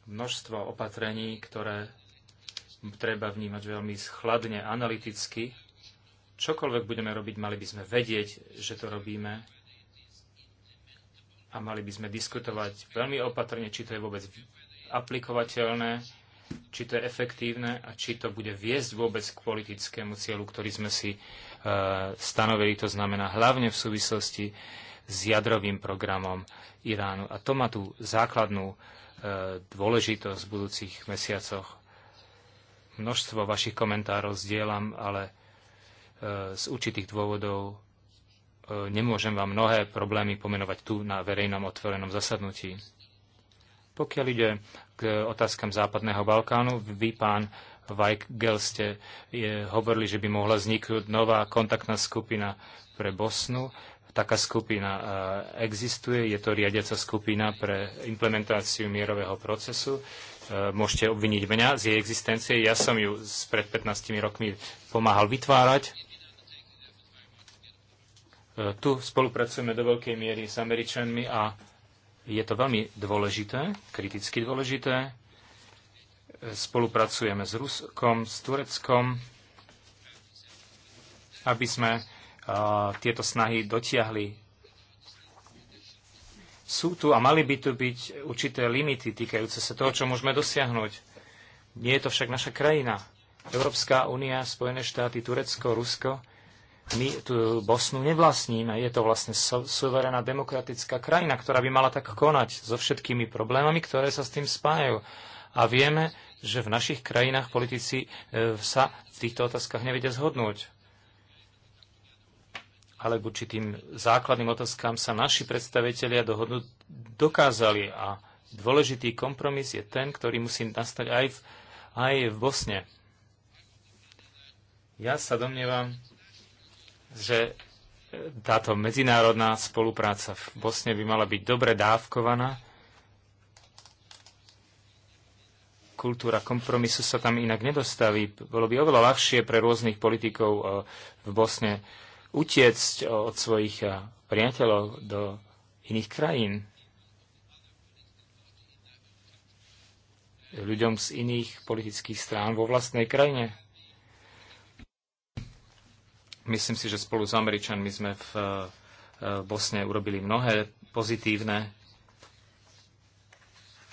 Množstvo opatrení, ktoré treba vnímať veľmi schladne, analyticky. Čokoľvek budeme robiť, mali by sme vedieť, že to robíme a mali by sme diskutovať veľmi opatrne, či to je vôbec aplikovateľné, či to je efektívne a či to bude viesť vôbec k politickému cieľu, ktorý sme si e, stanovili, to znamená hlavne v súvislosti s jadrovým programom Iránu. A to má tú základnú e, dôležitosť v budúcich mesiacoch. Množstvo vašich komentárov zdieľam, ale e, z určitých dôvodov e, nemôžem vám mnohé problémy pomenovať tu na verejnom otvorenom zasadnutí. Pokiaľ ide k otázkam Západného Balkánu. Vy, pán Weigel, ste je, hovorili, že by mohla vzniknúť nová kontaktná skupina pre Bosnu. Taká skupina e, existuje, je to riadiaca skupina pre implementáciu mierového procesu. E, môžete obviniť mňa z jej existencie. Ja som ju pred 15 rokmi pomáhal vytvárať. E, tu spolupracujeme do veľkej miery s Američanmi a je to veľmi dôležité, kriticky dôležité. Spolupracujeme s Ruskom, s Tureckom, aby sme uh, tieto snahy dotiahli. Sú tu a mali by tu byť určité limity týkajúce sa toho, čo môžeme dosiahnuť. Nie je to však naša krajina. Európska únia, Spojené štáty, Turecko, Rusko my tú Bosnu nevlastníme. Je to vlastne suverená demokratická krajina, ktorá by mala tak konať so všetkými problémami, ktoré sa s tým spájajú. A vieme, že v našich krajinách politici e, sa v týchto otázkach nevedia zhodnúť. Ale k určitým základným otázkám sa naši predstavitelia dohodnúť dokázali. A dôležitý kompromis je ten, ktorý musí nastať aj v, aj v Bosne. Ja sa domnievam, že táto medzinárodná spolupráca v Bosne by mala byť dobre dávkovaná. Kultúra kompromisu sa tam inak nedostaví. Bolo by oveľa ľahšie pre rôznych politikov eh, v Bosne utiecť eh, od svojich eh, priateľov do iných krajín. Ľuďom z iných politických strán vo vlastnej krajine. Myslím si, že spolu s Američanmi sme v e, Bosne urobili mnohé pozitívne.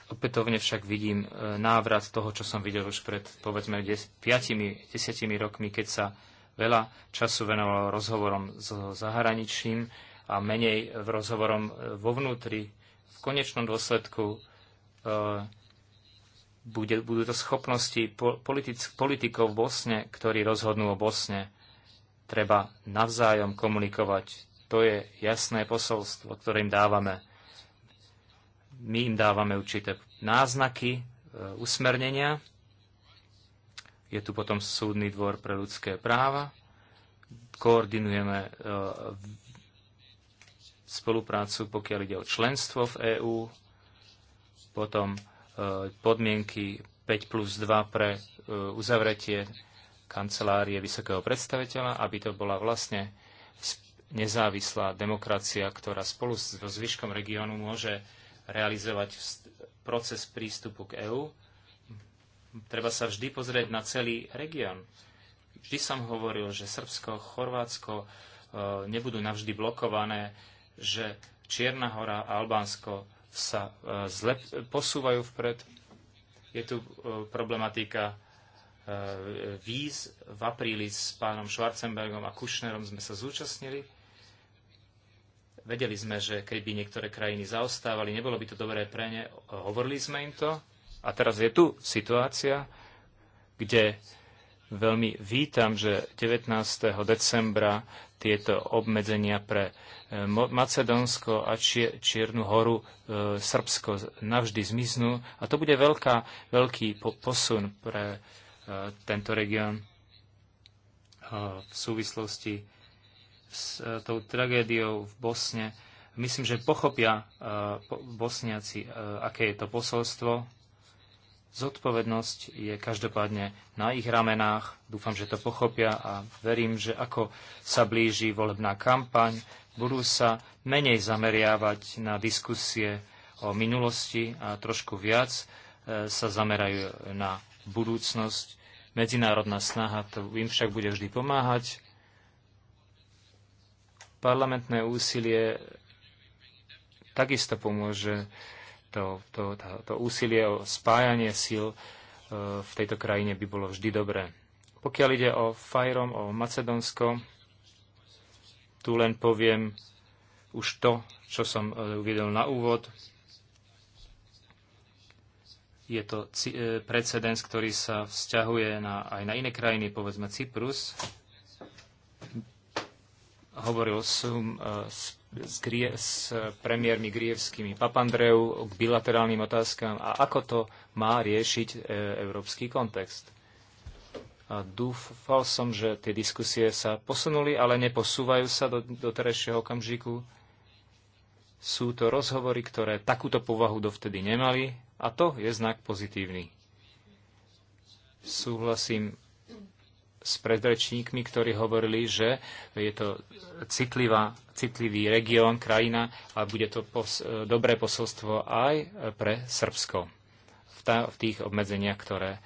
Opätovne však vidím e, návrat toho, čo som videl už pred, povedzme, 5-10 rokmi, keď sa veľa času venovalo rozhovorom so zahraničím a menej v rozhovorom e, vo vnútri. V konečnom dôsledku bude, budú to schopnosti politikov v Bosne, ktorí rozhodnú o Bosne treba navzájom komunikovať. To je jasné posolstvo, ktoré im dávame. My im dávame určité náznaky, e, usmernenia. Je tu potom Súdny dvor pre ľudské práva. Koordinujeme e, spoluprácu, pokiaľ ide o členstvo v EÚ, potom e, podmienky 5 plus 2 pre uzavretie kancelárie vysokého predstaviteľa, aby to bola vlastne nezávislá demokracia, ktorá spolu so zvyškom regiónu môže realizovať proces prístupu k EÚ. Treba sa vždy pozrieť na celý región. Vždy som hovoril, že Srbsko, Chorvátsko e, nebudú navždy blokované, že Čierna hora a Albánsko sa e, zlep- posúvajú vpred. Je tu e, problematika Eh, víz v apríli s pánom Schwarzenbergom a Kušnerom sme sa zúčastnili. Vedeli sme, že keby niektoré krajiny zaostávali, nebolo by to dobré pre ne. Hovorili sme im to. A teraz je tu situácia, kde veľmi vítam, že 19. decembra tieto obmedzenia pre eh, Macedónsko a Čiernu horu eh, Srbsko navždy zmiznú. A to bude veľká, veľký posun pre tento región e, v súvislosti s e, tou tragédiou v Bosne. Myslím, že pochopia e, Bosniaci, aké je to posolstvo. Zodpovednosť je každopádne na ich ramenách. Dúfam, že to pochopia a verím, že ako sa blíži volebná kampaň, budú sa menej zameriavať na diskusie o minulosti a trošku viac sa zamerajú na budúcnosť Medzinárodná snaha to im však bude vždy pomáhať. Parlamentné úsilie takisto pomôže to, to, to, to úsilie o spájanie síl e, v tejto krajine by bolo vždy dobré. Pokiaľ ide o Fajrom, o Macedónsko, tu len poviem už to, čo som e, uvedol na úvod. Je to e, precedens, ktorý sa vzťahuje na, aj na iné krajiny, povedzme Cyprus. Hovoril som e, s, s, Grie, s premiérmi grievskými Papandreou k bilaterálnym otázkam a ako to má riešiť e, európsky kontext. A dúfal som, že tie diskusie sa posunuli, ale neposúvajú sa do doterajšieho okamžiku sú to rozhovory, ktoré takúto povahu dovtedy nemali a to je znak pozitívny. Súhlasím s predrečníkmi, ktorí hovorili, že je to citlivá, citlivý región, krajina a bude to pos- dobré posolstvo aj pre Srbsko v, ta- v tých obmedzeniach, ktoré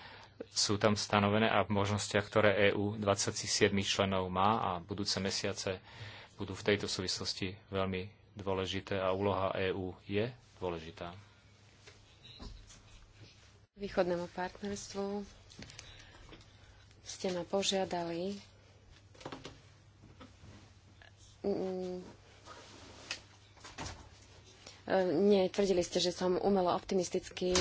sú tam stanovené a v možnostiach, ktoré EU 27 členov má a budúce mesiace budú v tejto súvislosti veľmi dôležité a úloha EÚ je dôležitá. Východnému partnerstvu ste ma požiadali mm, Netvrdili ste, že som umelo optimistický.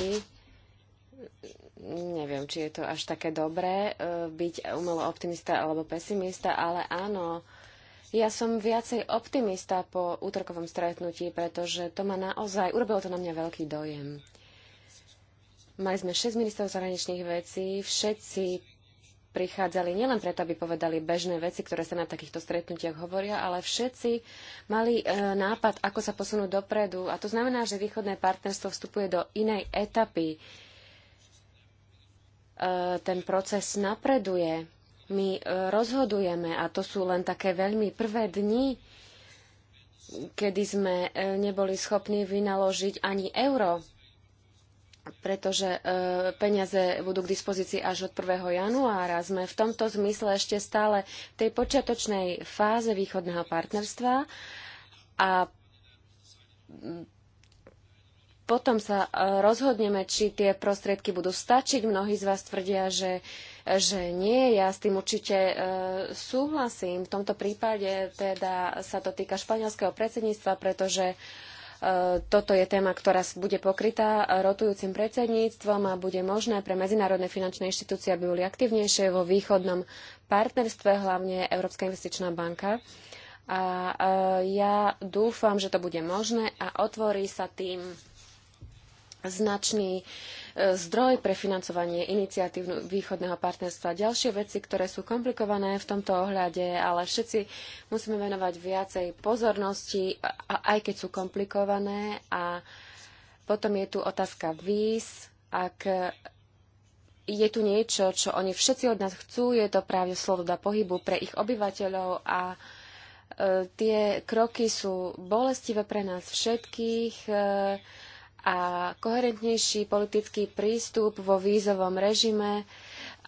Neviem, či je to až také dobré eh, byť umelo optimista alebo pesimista, ale áno, ja som viacej optimista po útorkovom stretnutí, pretože to ma naozaj, urobilo to na mňa veľký dojem. Mali sme 6 ministrov zahraničných vecí, všetci prichádzali nielen preto, aby povedali bežné veci, ktoré sa na takýchto stretnutiach hovoria, ale všetci mali e, nápad, ako sa posunúť dopredu. A to znamená, že východné partnerstvo vstupuje do inej etapy. E, ten proces napreduje my e, rozhodujeme a to sú len také veľmi prvé dni, kedy sme e, neboli schopní vynaložiť ani euro, pretože e, peniaze budú k dispozícii až od 1. januára. Sme v tomto zmysle ešte stále v tej počiatočnej fáze východného partnerstva a mm, potom sa rozhodneme, či tie prostriedky budú stačiť. Mnohí z vás tvrdia, že že nie. Ja s tým určite e, súhlasím. V tomto prípade teda sa to týka španielského predsedníctva, pretože e, toto je téma, ktorá bude pokrytá rotujúcim predsedníctvom a bude možné pre medzinárodné finančné inštitúcie, aby boli aktívnejšie vo východnom partnerstve, hlavne Európska investičná banka. A e, ja dúfam, že to bude možné a otvorí sa tým značný zdroj pre financovanie iniciatív východného partnerstva. Ďalšie veci, ktoré sú komplikované v tomto ohľade, ale všetci musíme venovať viacej pozornosti, aj keď sú komplikované. A potom je tu otázka víz. Ak je tu niečo, čo oni všetci od nás chcú, je to práve sloboda pohybu pre ich obyvateľov a e, tie kroky sú bolestivé pre nás všetkých. E, a koherentnejší politický prístup vo vízovom režime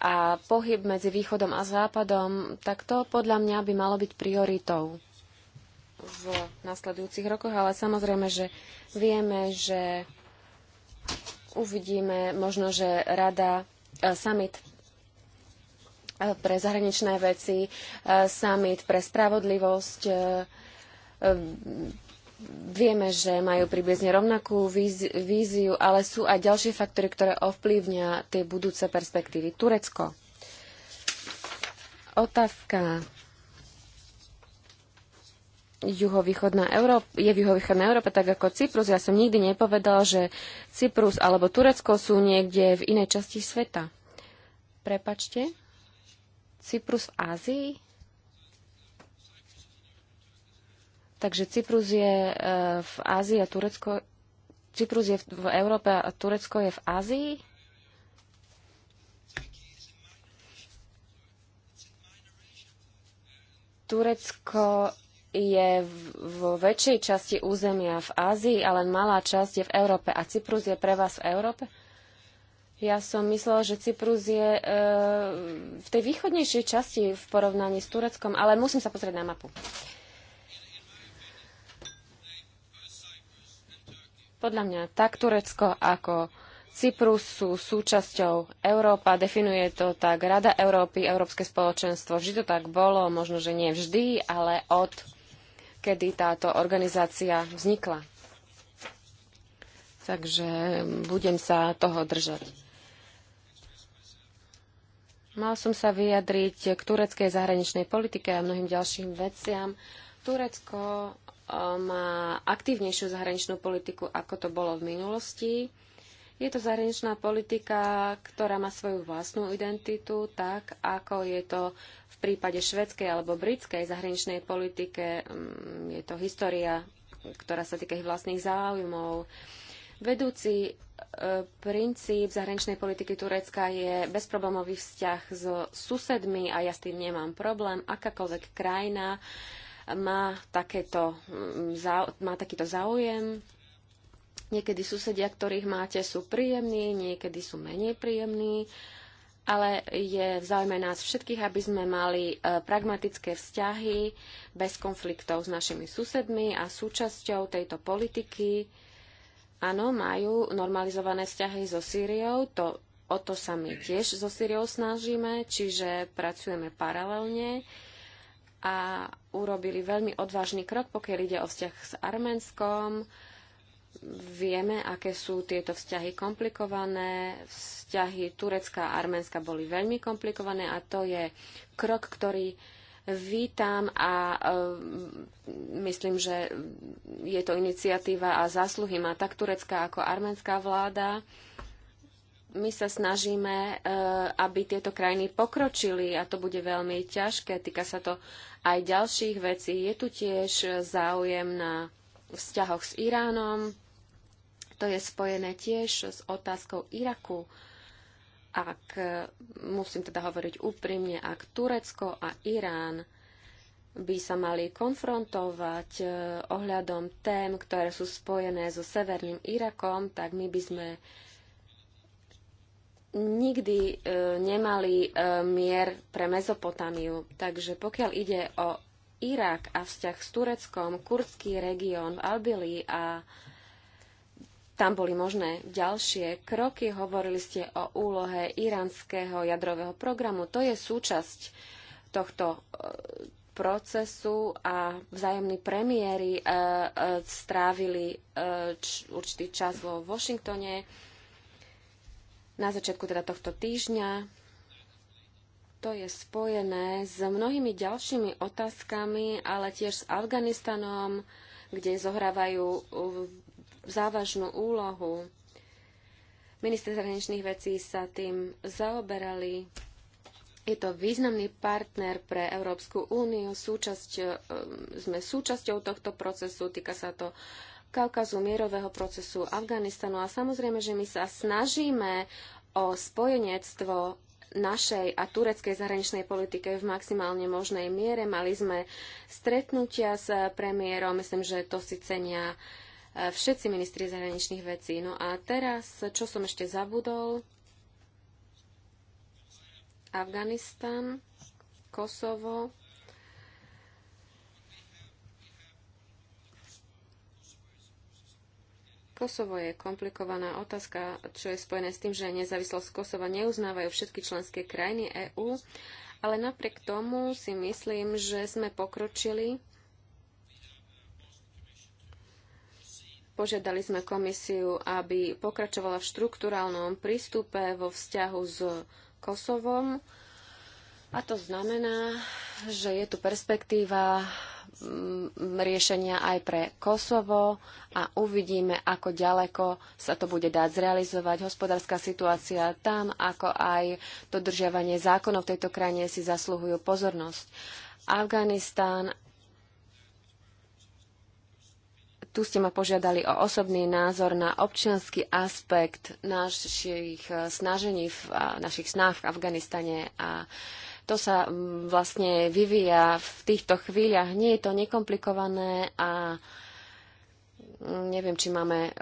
a pohyb medzi východom a západom, tak to podľa mňa by malo byť prioritou v nasledujúcich rokoch, ale samozrejme, že vieme, že uvidíme možno, že rada e, summit e, pre zahraničné veci, e, summit pre spravodlivosť Vieme, že majú približne rovnakú víziu, ale sú aj ďalšie faktory, ktoré ovplyvňa tie budúce perspektívy. Turecko. Otázka. Juhovýchodná Európa, je v juhovýchodnej Európe tak ako Cyprus. Ja som nikdy nepovedal, že Cyprus alebo Turecko sú niekde v inej časti sveta. Prepačte. Cyprus v Ázii? Takže Cyprus je e, v Ázii a Turecko... Cyprus je v Európe a Turecko je v Ázii? Turecko je vo väčšej časti územia v Ázii ale len malá časť je v Európe. A Cyprus je pre vás v Európe? Ja som myslela, že Cyprus je e, v tej východnejšej časti v porovnaní s Tureckom, ale musím sa pozrieť na mapu. E, Podľa mňa tak Turecko ako Cyprus sú súčasťou Európa, definuje to tak Rada Európy, Európske spoločenstvo. Vždy to tak bolo, možno, že nie vždy, ale od kedy táto organizácia vznikla. Takže budem sa toho držať. Mal som sa vyjadriť k tureckej zahraničnej politike a mnohým ďalším veciam. Turecko má aktívnejšiu zahraničnú politiku, ako to bolo v minulosti. Je to zahraničná politika, ktorá má svoju vlastnú identitu, tak ako je to v prípade švedskej alebo britskej zahraničnej politike. Mm, je to história, ktorá sa týka ich vlastných záujmov. Vedúci e, princíp zahraničnej politiky Turecka je bezproblémový vzťah s susedmi a ja s tým nemám problém. Akákoľvek krajina má, takéto, mm, má takýto záujem. Niekedy susedia, ktorých máte, sú príjemní, niekedy sú menej príjemní, ale je v záujme nás všetkých, aby sme mali e, pragmatické vzťahy bez konfliktov s našimi susedmi a súčasťou tejto politiky. Áno, majú normalizované vzťahy so Sýriou, to, o to sa my tiež so Sýriou snažíme, čiže pracujeme paralelne. Uh, a urobili veľmi odvážny krok, pokiaľ ide o vzťah s Arménskom. Vieme, aké sú tieto vzťahy komplikované. Vzťahy Turecka a Arménska boli veľmi komplikované a to je krok, ktorý vítam a e, myslím, že je to iniciatíva a zásluhy má tak turecká ako arménska vláda. E, my sa snažíme, e, aby tieto krajiny pokročili a to bude veľmi ťažké. Týka sa to aj ďalších vecí. Je tu tiež záujem na vzťahoch s Iránom. To je spojené tiež s otázkou Iraku. Ak, e, musím teda hovoriť úprimne, ak Turecko a Irán by sa mali konfrontovať e, ohľadom tém, ktoré sú spojené so Severným Irakom, tak my by sme nikdy e, nemali e, mier pre Mezopotámiu. Takže pokiaľ ide o Irak a vzťah s Tureckom, kurdský región v Albili a tam boli možné ďalšie kroky. Hovorili ste o úlohe iránskeho jadrového programu. To je súčasť tohto e, procesu a vzájomní premiéry e, e, strávili e, č, určitý čas vo Washingtone na začiatku teda tohto týždňa. To je spojené s mnohými ďalšími otázkami, ale tiež s Afganistanom, kde zohrávajú závažnú úlohu. Minister zahraničných vecí sa tým zaoberali. Je to významný partner pre Európsku úniu. Súčasť, ehm, sme súčasťou tohto procesu. Týka sa to Kaukazu, mierového procesu Afganistanu a samozrejme, že my sa snažíme o spojenectvo našej a tureckej zahraničnej politike v maximálne možnej miere. Mali sme stretnutia s premiérom, myslím, že to si cenia eh, všetci ministri zahraničných vecí. No a teraz, čo som ešte zabudol? Afganistan, Kosovo, Kosovo je komplikovaná otázka, čo je spojené s tým, že nezávislosť Kosova neuznávajú všetky členské krajiny EÚ, ale napriek tomu si myslím, že sme pokročili. Požiadali sme komisiu, aby pokračovala v štruktúrálnom prístupe vo vzťahu s Kosovom. A to znamená, že je tu perspektíva riešenia aj pre Kosovo a uvidíme, ako ďaleko sa to bude dať zrealizovať. Hospodárska situácia tam, ako aj dodržiavanie zákonov v tejto krajine si zasluhujú pozornosť. Afganistán. Tu ste ma požiadali o osobný názor na občianský aspekt našich eh, snažení, v, našich snách v Afganistane a to sa mm, vlastne vyvíja v týchto chvíľach. Nie je to nekomplikované a mm, neviem, či máme e,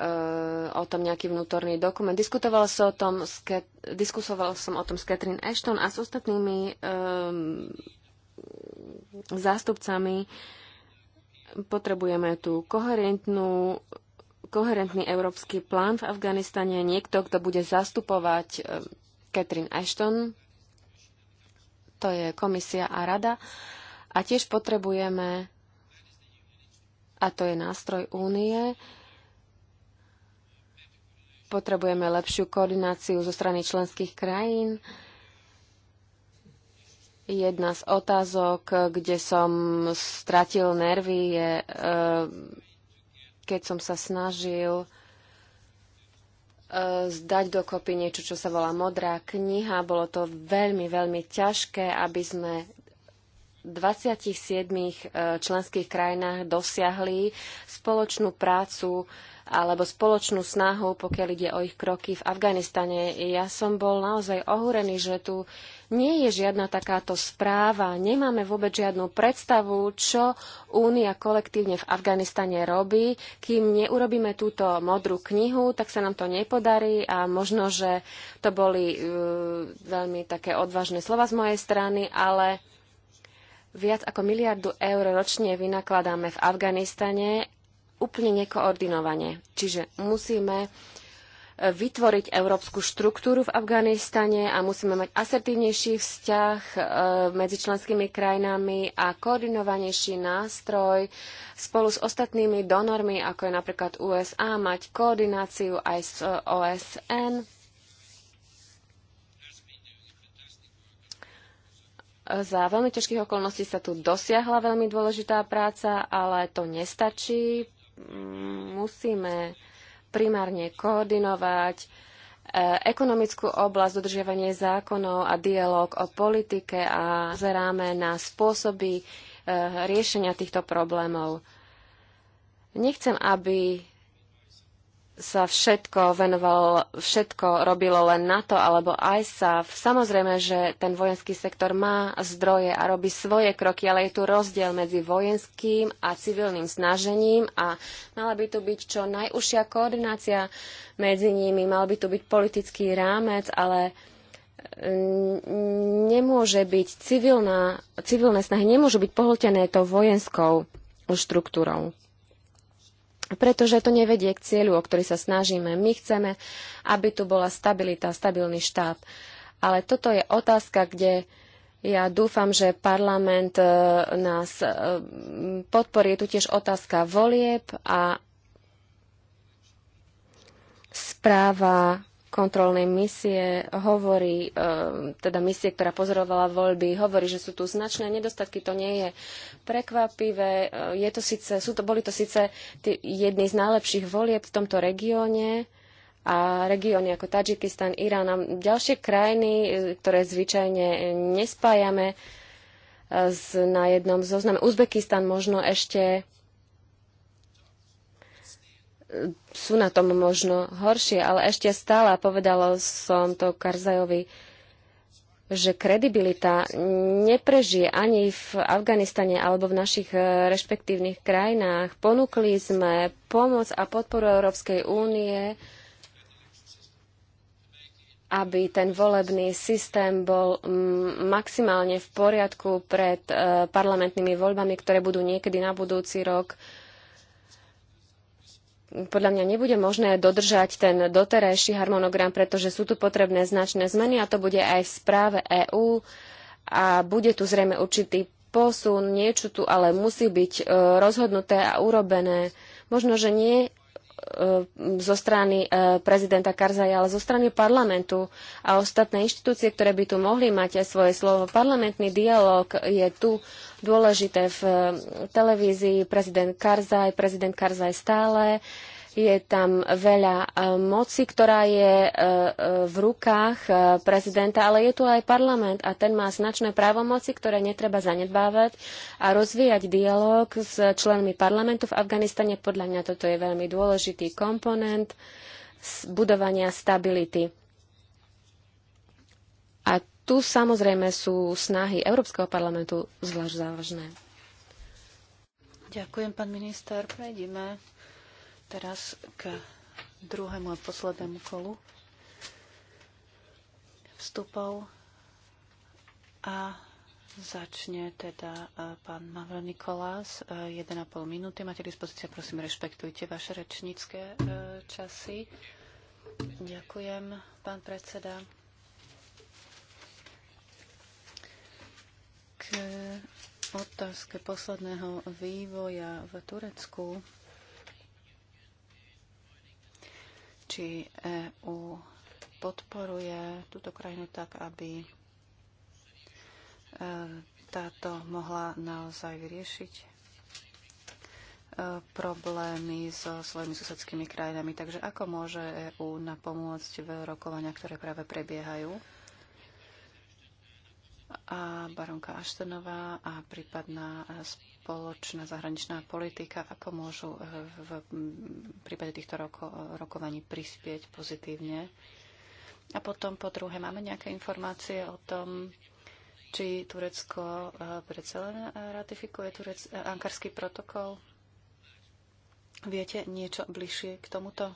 o tom nejaký vnútorný dokument. Diskutovala som o tom Ke- diskusoval som o tom s Catherine Ashton a s ostatnými e, zástupcami. Potrebujeme tú koherentnú koherentný európsky plán v Afganistane, niekto, kto bude zastupovať e, Catherine Ashton to je komisia a rada. A tiež potrebujeme, a to je nástroj únie, potrebujeme lepšiu koordináciu zo strany členských krajín. Jedna z otázok, kde som stratil nervy, je, eh, keď som sa snažil E, zdať dokopy niečo, čo sa volá modrá kniha. Bolo to veľmi, veľmi ťažké, aby sme 27 eh, členských krajinách dosiahli spoločnú prácu alebo spoločnú snahu, pokiaľ ide o ich kroky v Afganistane. Ja som bol naozaj ohúrený, že tu nie je žiadna takáto správa, nemáme vôbec žiadnu predstavu, čo Únia kolektívne v Afganistane robí. Kým neurobíme túto modrú knihu, tak sa nám to nepodarí a možno, že to boli uh, veľmi také odvážne slova z mojej strany, ale Viac ako miliardu eur ročne vynakladáme v Afganistane úplne nekoordinovane. Čiže musíme e, vytvoriť európsku štruktúru v Afganistane a musíme mať asertívnejší vzťah e, medzi členskými krajinami a koordinovanejší nástroj spolu s ostatnými donormi, ako je napríklad USA, mať koordináciu aj s OSN Za veľmi ťažkých okolností sa tu dosiahla veľmi dôležitá práca, ale to nestačí. Musíme primárne koordinovať e, ekonomickú oblasť, dodržiavanie zákonov a dialog o politike a zeráme na spôsoby e, riešenia týchto problémov. Nechcem, aby sa všetko venovalo, všetko robilo len NATO alebo ISAF. Samozrejme, že ten vojenský sektor má zdroje a robí svoje kroky, ale je tu rozdiel medzi vojenským a civilným snažením a mala by tu byť čo najúžšia koordinácia medzi nimi, mal by tu byť politický rámec, ale mm, nemôže byť civilná, civilné snahy nemôžu byť pohltené tou vojenskou štruktúrou pretože to nevedie k cieľu, o ktorý sa snažíme. My chceme, aby tu bola stabilita, stabilný štát. Ale toto je otázka, kde ja dúfam, že parlament e, nás e, podporí. Je tu tiež otázka volieb a správa kontrolnej misie hovorí, e, teda misie, ktorá pozorovala voľby, hovorí, že sú tu značné nedostatky, to nie je prekvapivé. E, je to síce, sú to, boli to síce jedny z najlepších volieb v tomto regióne a regióny ako Tadžikistan, Irán a ďalšie krajiny, e, ktoré zvyčajne nespájame na jednom zozname. Uzbekistan možno ešte sú na tom možno horšie, ale ešte stále, povedala som to Karzajovi, že kredibilita neprežije ani v Afganistane alebo v našich e, rešpektívnych krajinách. Ponúkli sme pomoc a podporu Európskej únie, aby ten volebný systém bol maximálne v poriadku pred e, parlamentnými voľbami, ktoré budú niekedy na budúci rok podľa mňa nebude možné dodržať ten doterajší harmonogram, pretože sú tu potrebné značné zmeny a to bude aj v správe EÚ a bude tu zrejme určitý posun, niečo tu ale musí byť e, rozhodnuté a urobené. Možno, že nie E, zo strany e, prezidenta Karzaja, ale zo strany parlamentu a ostatné inštitúcie, ktoré by tu mohli mať aj svoje slovo. Parlamentný dialog je tu dôležité v e, televízii. Prezident Karzaj, prezident Karzaj stále je tam veľa eh, moci, ktorá je eh, eh, v rukách prezidenta, ale je tu aj parlament a ten má značné právomoci, ktoré netreba zanedbávať a rozvíjať dialog s členmi parlamentu v Afganistane. Podľa mňa toto je veľmi dôležitý komponent budovania stability. A tu samozrejme sú snahy Európskeho parlamentu zvlášť závažné. Ďakujem, pán minister. Prejdime Teraz k druhému a poslednému kolu vstupov a začne teda e, pán Mavro Nikolás. 1,5 e, minúty máte dispozícia, prosím, rešpektujte vaše rečnícke e, časy. Ďakujem, pán predseda. K otázke posledného vývoja v Turecku či EÚ podporuje túto krajinu tak, aby e, táto mohla naozaj vyriešiť e, problémy so svojimi susedskými krajinami. Takže ako môže EÚ napomôcť v rokovaniach, ktoré práve prebiehajú? a baronka Aštenová a prípadná spoločná zahraničná politika, ako môžu eh, v prípade týchto roko, rokovaní prispieť pozitívne. A potom po druhé, máme nejaké informácie o tom, či Turecko eh, predsa len ratifikuje Turec, eh, ankarský protokol? Viete niečo bližšie k tomuto?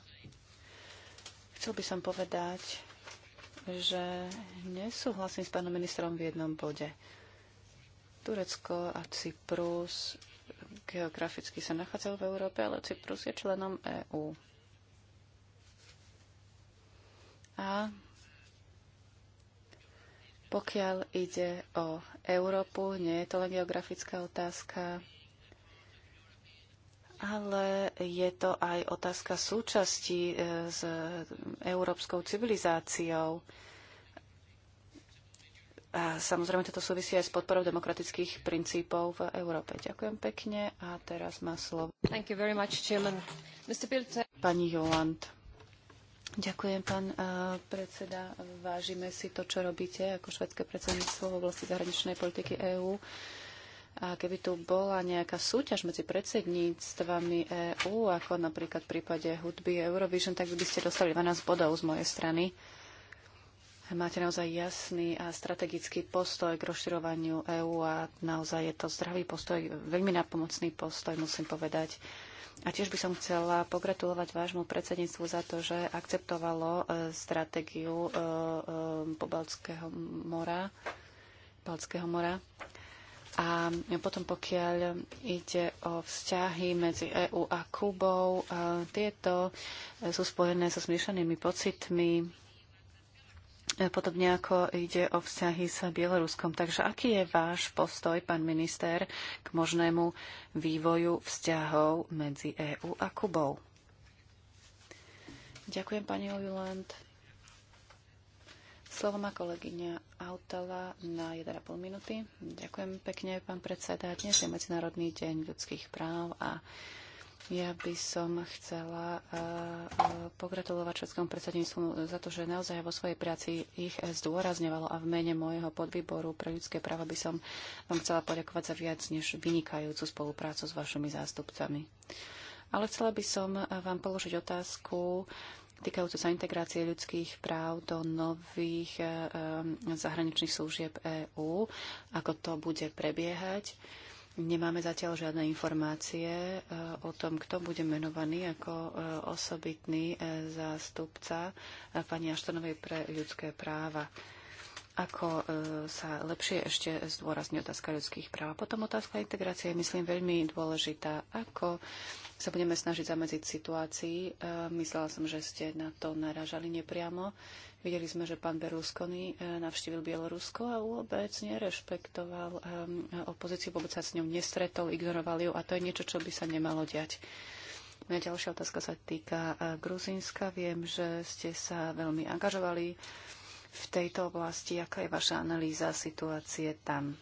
Chcel by som povedať, že nesúhlasím s pánom ministrom v jednom bode. Turecko a Cyprus geograficky sa nachádzajú v Európe, ale Cyprus je členom EÚ. A pokiaľ ide o Európu, nie je to len geografická otázka, ale je to aj otázka súčasti e, s európskou civilizáciou. A samozrejme, toto súvisí aj s podporou demokratických princípov v Európe. Ďakujem pekne a teraz má slovo. Thank you very much, Chairman. Mr. Pilte. Pani Joland. Ďakujem, pán e, predseda. Vážime si to, čo robíte ako švedské predsedníctvo v oblasti zahraničnej politiky EÚ. A keby tu bola nejaká súťaž medzi predsedníctvami EÚ, ako napríklad v prípade hudby Eurovision, tak by ste dostali 12 bodov z mojej strany. Máte naozaj jasný a strategický postoj k rozširovaniu EÚ a naozaj je to zdravý postoj, veľmi napomocný postoj, musím povedať. A tiež by som chcela pogratulovať vášmu predsedníctvu za to, že akceptovalo e, stratégiu e, e, Pobaltského mora. Baltského mora. A potom pokiaľ ide o vzťahy medzi EÚ a Kubou, e, tieto e, sú spojené so zmiešanými pocitmi, e, podobne ako ide o vzťahy s Bieloruskom. Takže aký je váš postoj, pán minister, k možnému vývoju vzťahov medzi EÚ a Kubou? Ďakujem, pani Ojuland. Slovo má kolegyňa Autala na 1,5 minúty. Ďakujem pekne, pán predseda. Dnes je Medzinárodný deň ľudských práv a ja by som chcela eh, eh, pogratulovať Českému predsedníctvu za to, že naozaj vo svojej práci ich zdôrazňovalo a v mene môjho podvýboru pre ľudské práva by som vám chcela poďakovať za viac než vynikajúcu spoluprácu s vašimi zástupcami. Ale chcela by som eh, vám položiť otázku, týkajúce sa integrácie ľudských práv do nových eh, eh, zahraničných služieb EÚ, ako to bude prebiehať. Nemáme zatiaľ žiadne informácie eh, o tom, kto bude menovaný ako osobitný zástupca pani Aštonovej pre ľudské práva ako e, sa lepšie ešte zdôrazní otázka ľudských práv. A potom otázka integrácie je, myslím, veľmi dôležitá. Ako sa budeme snažiť zamedziť situácii? E, myslela som, že ste na to naražali nepriamo. Videli sme, že pán Berlusconi e, navštívil Bielorusko a vôbec nerešpektoval opozíciu, vôbec sa s ňou nestretol, ignoroval ju a to je niečo, čo by sa nemalo diať. Moja ďalšia otázka sa týka Gruzínska. Viem, že ste sa veľmi angažovali v tejto oblasti. Aká je vaša analýza situácie tam?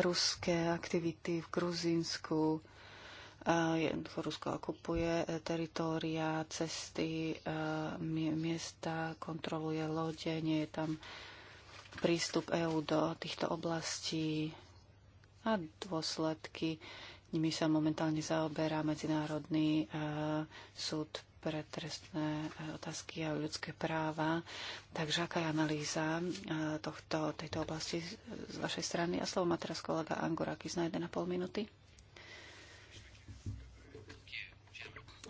Ruské aktivity v Gruzínsku, Rusko okupuje e, teritória, cesty, e, miesta, kontroluje lode, nie je tam prístup EÚ do týchto oblastí a dôsledky. Nimi sa momentálne zaoberá Medzinárodný e, súd pre trestné e, otázky a ľudské práva. Takže aká je analýza e, tohto, tejto oblasti z vašej strany? A slovo má teraz kolega Angurakis na 1,5 minúty.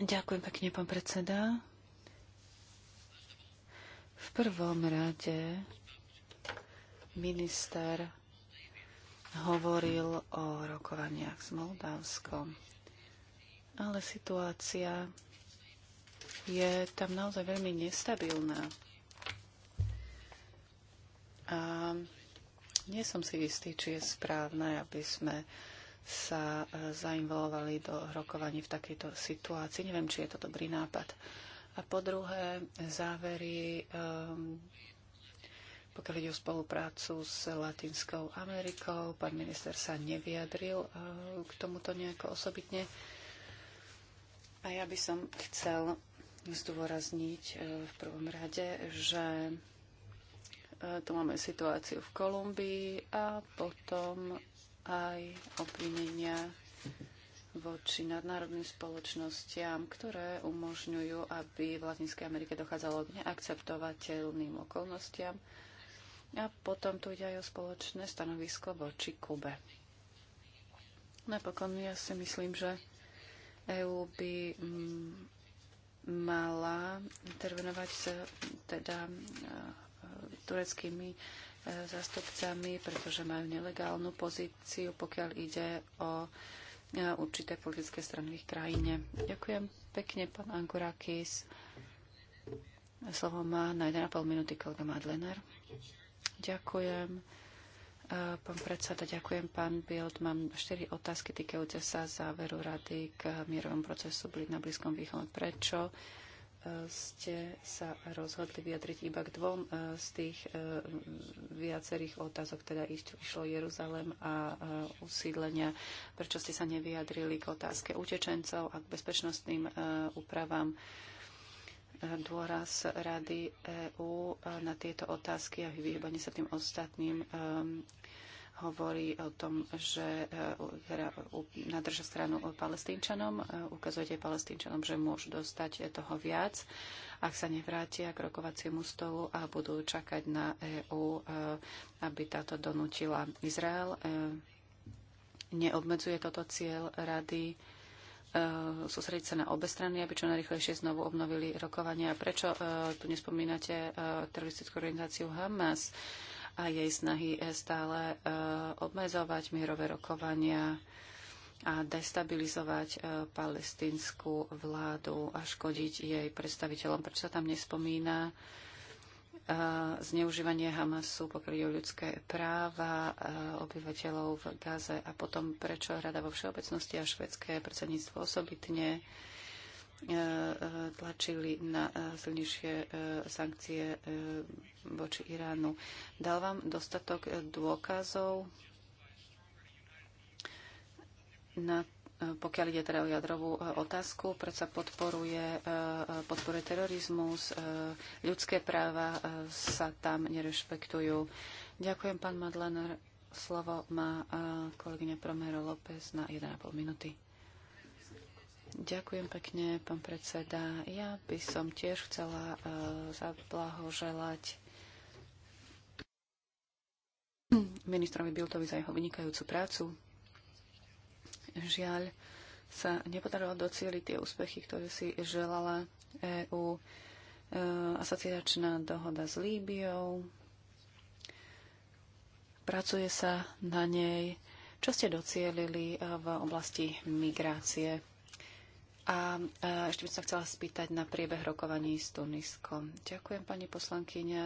Ďakujem pekne, pán predseda. V prvom rade minister hovoril o rokovaniach s Moldavskom, ale situácia je tam naozaj veľmi nestabilná. A nie som si istý, či je správne, aby sme sa e, zainvolovali do rokovaní v takejto situácii. Neviem, či je to dobrý nápad. A po druhé, závery, um, pokiaľ ide o spoluprácu s Latinskou Amerikou, pán minister sa nevyjadril uh, k tomuto nejako osobitne. A ja by som chcel zdôrazniť e, v prvom rade, že e, tu máme situáciu v Kolumbii a potom aj obvinenia voči nadnárodným spoločnostiam, ktoré umožňujú, aby v Latinskej Amerike dochádzalo k neakceptovateľným okolnostiam. A potom tu ide aj o spoločné stanovisko voči Kube. Napokon ja si myslím, že EÚ by mm, mala intervenovať s teda e, tureckými e, zastupcami, pretože majú nelegálnu pozíciu, pokiaľ ide o e, určité politické strany v ich krajine. Ďakujem pekne, pán Angurakis. Slovo má na 1,5 minúty kolega Madlener. Ďakujem. Pán predseda, ďakujem. Pán Bild, mám štyri otázky týkajúce sa záveru rady k mierovom procesu na Blízkom východe. Prečo e, ste sa rozhodli vyjadriť iba k dvom e, z tých e, viacerých otázok, teda išlo Jeruzalem a usídlenia. Prečo ste sa nevyjadrili k otázke utečencov a k bezpečnostným úpravám? Dôraz Rady EÚ na tieto otázky a vyhýbanie sa tým ostatným hovorí o tom, že e, teda nadrža stranu palestínčanom, e, ukazujete palestínčanom, že môžu dostať toho viac, ak sa nevrátia k rokovaciemu stolu a budú čakať na EÚ, e, aby táto donútila Izrael. Neobmedzuje toto cieľ rady sústrediť sa na obe strany, aby čo najrychlejšie znovu obnovili rokovania. Prečo tu nespomínate teroristickú organizáciu Hamas? a jej snahy e, stále e, obmedzovať mierové rokovania a destabilizovať e, palestinskú vládu a škodiť jej predstaviteľom. Prečo sa tam nespomína zneužívanie Hamasu, pokiaľ ľudské práva obyvateľov v Gaze a potom prečo Rada vo všeobecnosti a švedské predsedníctvo osobitne E, e, tlačili na e, silnejšie sankcie voči Iránu. Dal vám dostatok dôkazov na pokiaľ ide teda o jadrovú otázku, predsa podporuje, podporuje terorizmus, ľudské práva sa tam nerešpektujú. Ďakujem, pán Madlener. Slovo má kolegyňa Promero López na 1,5 minúty. Ďakujem pekne, pán predseda. Ja by som tiež chcela uh, zablahoželať ministrovi Biltovi za jeho vynikajúcu prácu. Žiaľ, sa nepodarilo docieliť tie úspechy, ktoré si želala EÚ. E, asociačná dohoda s Líbiou. Pracuje sa na nej. Čo ste docielili e, v oblasti migrácie? A e, ešte by som chcela spýtať na priebeh rokovaní s Tuniskom. Ďakujem, pani poslankyňa.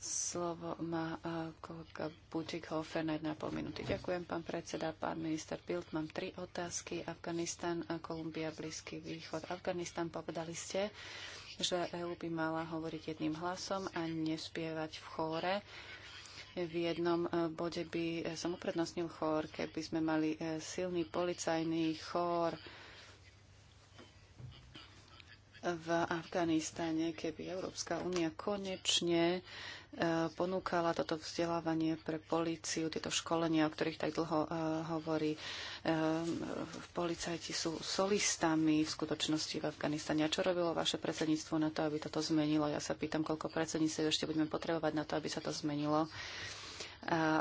Slovo má e, kolega Butikhofer na 1,5 minúty. Ďakujem, pán predseda, pán minister Pilt, Mám tri otázky. Afganistan, Kolumbia, Blízky východ. Afganistan, povedali ste, že EU by mala hovoriť jedným hlasom a nespievať v chóre. V jednom e, bode by som uprednostnil chór, keby sme mali silný policajný chór, v Afganistane, keby Európska únia konečne e, ponúkala toto vzdelávanie pre políciu, tieto školenia, o ktorých tak dlho uh, hovorí. E, policajti sú solistami v skutočnosti v Afganistane. A čo robilo vaše predsedníctvo na to, aby toto zmenilo? Ja sa pýtam, koľko predsedníctv ešte budeme potrebovať na to, aby sa to zmenilo. Uh,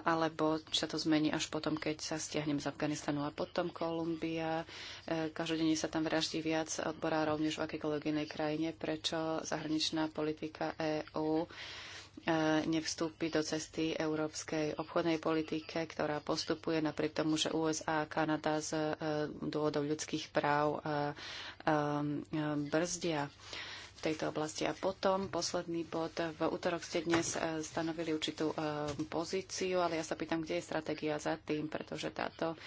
alebo sa to zmení až potom, keď sa stiahnem z Afganistanu a potom Kolumbia. E, každodenne sa tam vraždí viac odborárov než v akékoľvek inej krajine. Prečo zahraničná politika EÚ e, nevstúpi do cesty európskej obchodnej politike, ktorá postupuje napriek tomu, že USA a Kanada z e, dôvodov ľudských práv brzdia tejto oblasti. A potom posledný bod. V útorok ste dnes e, stanovili určitú e, pozíciu, ale ja sa pýtam, kde je stratégia za tým, pretože táto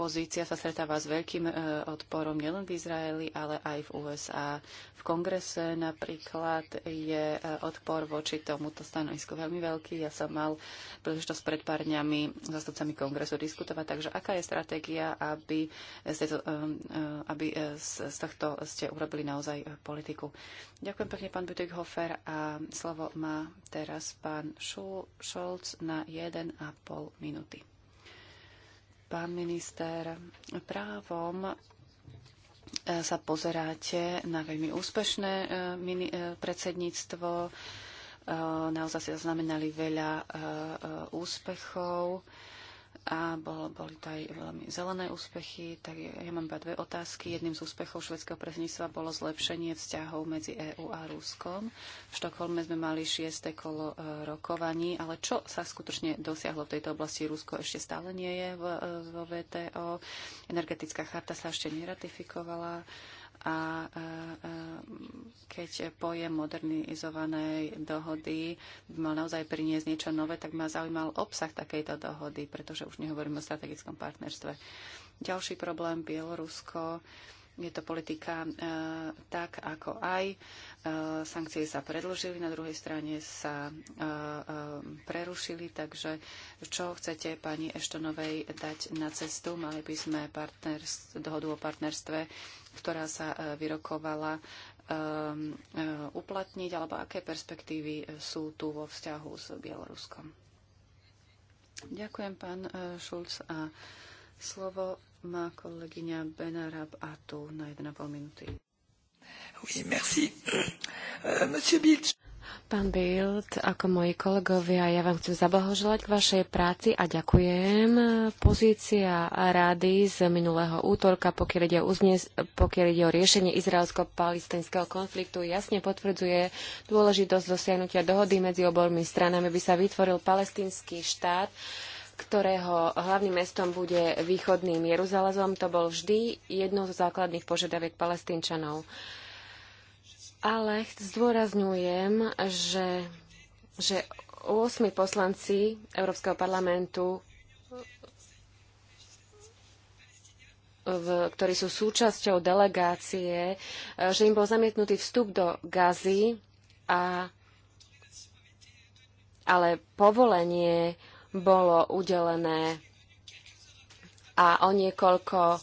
opozícia sa stretáva s veľkým e, odporom nielen v Izraeli, ale aj v USA. V kongrese napríklad je e, odpor voči tomuto stanovisku veľmi veľký. Ja som mal príležitosť pred pár dňami zastupcami kongresu diskutovať, takže aká je stratégia, aby, ste to, e, aby z tohto ste urobili naozaj politiku. Ďakujem pekne, pán Hofer a slovo má teraz pán Schulz na 1,5 minúty pán minister, právom e, sa pozeráte na veľmi úspešné e, e, predsedníctvo. Naozaj sa zaznamenali veľa úspechov a bol, boli to aj veľmi zelené úspechy, tak ja mám iba dve otázky. Jedným z úspechov švedského predsedníctva bolo zlepšenie vzťahov medzi EÚ a Ruskom. V Štokholme sme mali šieste kolo e, rokovaní, ale čo sa skutočne dosiahlo v tejto oblasti? Rusko ešte stále nie je e, vo VTO, energetická charta sa ešte neratifikovala. E, a e, e, keď pojem modernizovanej dohody by mal naozaj priniesť niečo nové, tak ma zaujímal obsah takejto dohody, pretože už nehovorím o strategickom partnerstve. Ďalší problém Bielorusko. Je to politika e, tak, ako aj. E, sankcie sa predložili, na druhej strane sa e, e, prerušili, takže čo chcete pani Eštonovej dať na cestu? Mali by sme dohodu o partnerstve ktorá sa e, vyrokovala ehm, e, uplatniť, alebo aké perspektívy e, sú tu vo vzťahu s Bieloruskom. Ďakujem, pán Šulc. A slovo má kolegyňa Benarab Atu na 1,5 minúty. Oui, merci. Euh, monsieur Bilč. Pán Bild, ako moji kolegovia, ja vám chcem zablahoželať k vašej práci a ďakujem. Pozícia rady z minulého útorka, pokiaľ ide o, uznes, pokiaľ ide o riešenie izraelsko-palestinského konfliktu, jasne potvrdzuje dôležitosť dosiahnutia dohody medzi obormi stranami, by sa vytvoril palestinský štát, ktorého hlavným mestom bude východným Jeruzalezom. To bol vždy jednou zo základných požiadaviek palestínčanov ale zdôrazňujem, že, že 8 poslanci Európskeho parlamentu, v, ktorí sú súčasťou delegácie, e, že im bol zamietnutý vstup do Gazy, a, ale povolenie bolo udelené a o niekoľko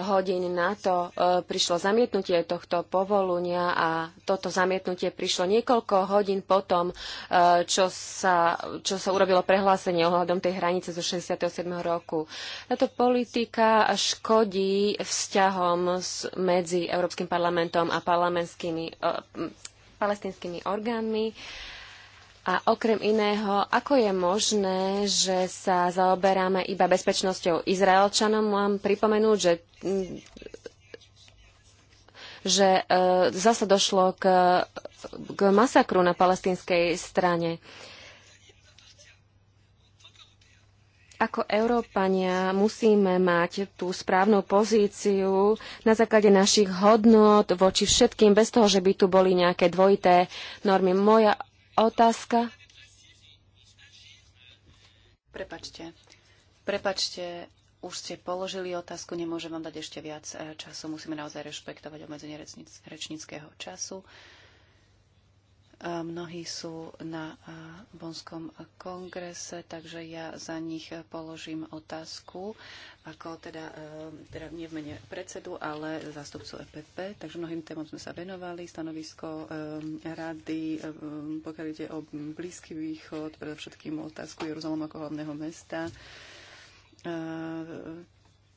hodín na to e, prišlo zamietnutie tohto povolenia a toto zamietnutie prišlo niekoľko hodín potom, e, čo sa, čo sa urobilo prehlásenie ohľadom tej hranice zo 67. roku. Táto politika škodí vzťahom medzi Európskym parlamentom a e, palestinskými orgánmi. A okrem iného, ako je možné, že sa zaoberáme iba bezpečnosťou Izraelčanom? Mám pripomenúť, že mm, že e, zase došlo k, k masakru na palestinskej strane. Ako Európania musíme mať tú správnu pozíciu na základe našich hodnot voči všetkým, bez toho, že by tu boli nejaké dvojité normy. Moja Otázka. Prepačte. Prepačte, už ste položili otázku, nemôžem vám dať ešte viac eh, času. Musíme naozaj rešpektovať obmedzenie rečníckého času. Uh, Mnohí sú na Bonskom kongrese, takže ja za nich položím otázku, ako teda, e, teda nie v mene predsedu, ale zástupcu EPP. Takže mnohým témom sme sa venovali. Stanovisko e, rady, e, pokiaľ ide o Blízky východ, predovšetkým otázku Jeruzalema ako hlavného mesta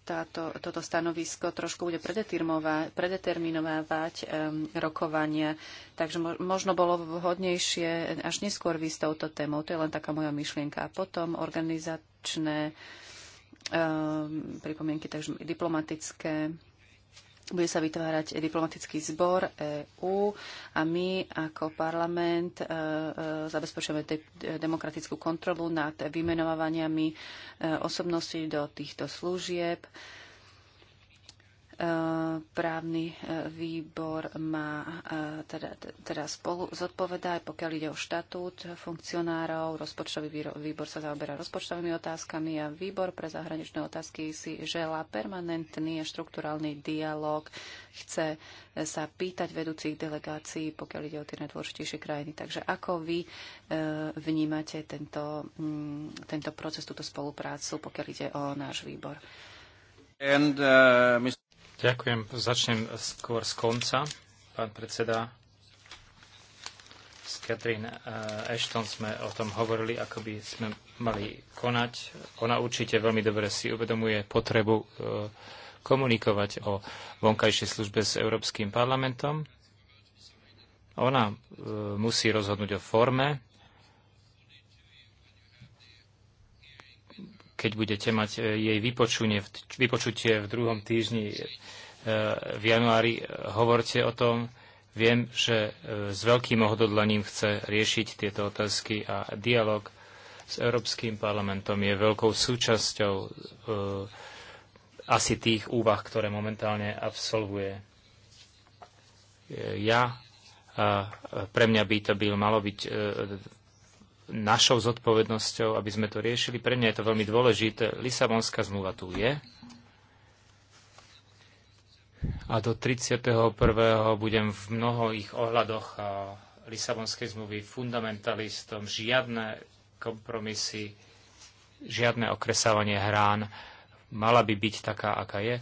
táto, toto stanovisko trošku bude predeterminovávať um, rokovania. Takže možno bolo vhodnejšie až neskôr vy s touto témou. To je len taká moja myšlienka. A potom organizačné um, pripomienky, takže diplomatické bude sa vytvárať diplomatický zbor EÚ a my ako parlament e, e, zabezpečujeme demokratickú kontrolu nad vymenovávaniami e, osobností do týchto služieb. Eh, právny eh, výbor má eh, teda, teda spolu zodpovedá, aj pokiaľ ide o štatút funkcionárov, rozpočtový výbor sa zaoberá rozpočtovými otázkami a výbor pre zahraničné otázky si želá permanentný a štruktúrálny dialog, chce sa pýtať vedúcich delegácií, pokiaľ ide o tie najdôležitejšie krajiny. Takže ako vy vnímate tento, mm, tento proces, túto spoluprácu, pokiaľ ide o náš výbor? And, uh, Mr. Ďakujem. Začnem skôr z konca. Pán predseda, s Katrin eh, Ashton sme o tom hovorili, ako by sme mali konať. Ona určite veľmi dobre si uvedomuje potrebu eh, komunikovať o vonkajšej službe s Európskym parlamentom. Ona eh, musí rozhodnúť o forme keď budete mať e, jej vypočutie, vypočutie v druhom týždni e, v januári, e, hovorte o tom. Viem, že s veľkým odhodlaním chce riešiť tieto otázky a dialog s Európskym parlamentom je veľkou súčasťou e, asi tých úvah, ktoré momentálne absolvuje. E, ja a pre mňa by to byl, malo byť našou zodpovednosťou, aby sme to riešili. Pre mňa je to veľmi dôležité. Lisabonská zmluva tu je. A do 31. budem v mnohých ohľadoch Lisabonskej zmluvy fundamentalistom. Žiadne kompromisy, žiadne okresávanie hrán. Mala by byť taká, aká je.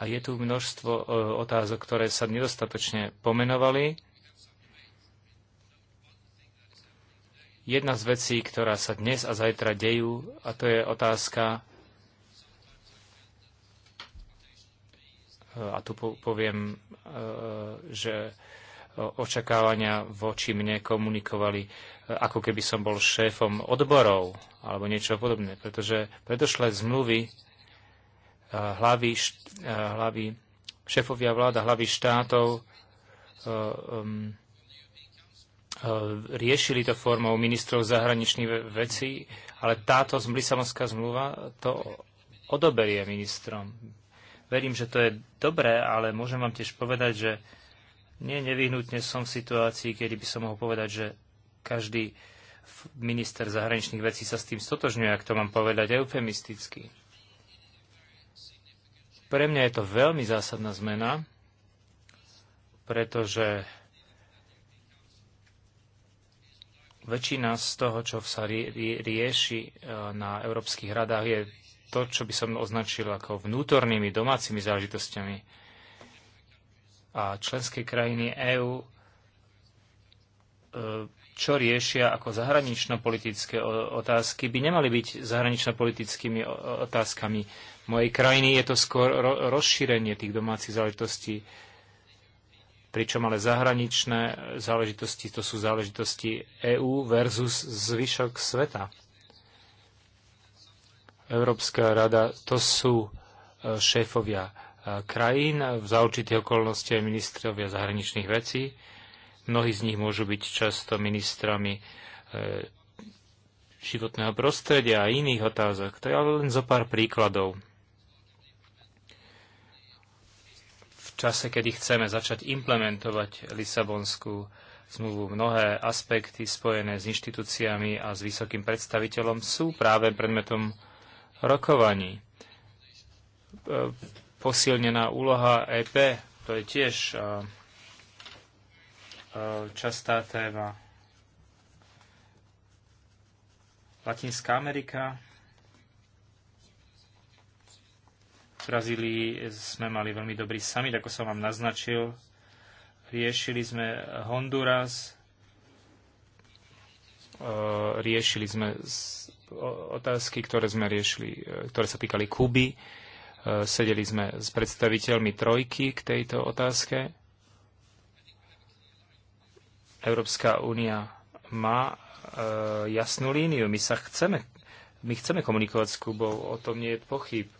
A je tu množstvo e, otázok, ktoré sa nedostatočne pomenovali jedna z vecí, ktorá sa dnes a zajtra dejú, a to je otázka, a tu poviem, e, že očakávania voči mne komunikovali, e, ako keby som bol šéfom odborov alebo niečo podobné, pretože predošlé zmluvy e, hlavy, hlavy šéfovia vláda, hlavy štátov E, riešili to formou ministrov zahraničných vecí, ale táto Lisabonská zmluva to odoberie ministrom. Verím, že to je dobré, ale môžem vám tiež povedať, že nie nevyhnutne som v situácii, kedy by som mohol povedať, že každý minister zahraničných vecí sa s tým stotožňuje, ak to mám povedať eufemisticky. Pre mňa je to veľmi zásadná zmena, pretože Väčšina z toho, čo sa rieši e, na európskych radách, je to, čo by som označil ako vnútornými domácimi záležitosťami. A členské krajiny EÚ e, čo riešia ako zahranično-politické otázky, by nemali byť zahranično-politickými otázkami mojej krajiny. Je to skôr rozšírenie tých domácich záležitostí pričom ale zahraničné záležitosti to sú záležitosti EÚ versus zvyšok sveta. Európska rada to sú e, šéfovia e, krajín, za určitých okolnosti aj ministrovia zahraničných vecí. Mnohí z nich môžu byť často ministrami e, životného prostredia a iných otázok. To je ale len zo pár príkladov. čase, kedy chceme začať implementovať Lisabonskú zmluvu. Mnohé aspekty spojené s inštitúciami a s vysokým predstaviteľom sú práve predmetom rokovaní. E, posilnená úloha EP, to je tiež e, e, častá téma. Latinská Amerika, Brazílii sme mali veľmi dobrý summit, ako som vám naznačil. Riešili sme Honduras, e, riešili sme otázky, ktoré sme riešili, e, ktoré sa týkali Kuby. E, sedeli sme s predstaviteľmi trojky k tejto otázke. Európska únia má jasnú líniu. My sa chceme, my chceme komunikovať s Kubou, o tom nie je pochyb.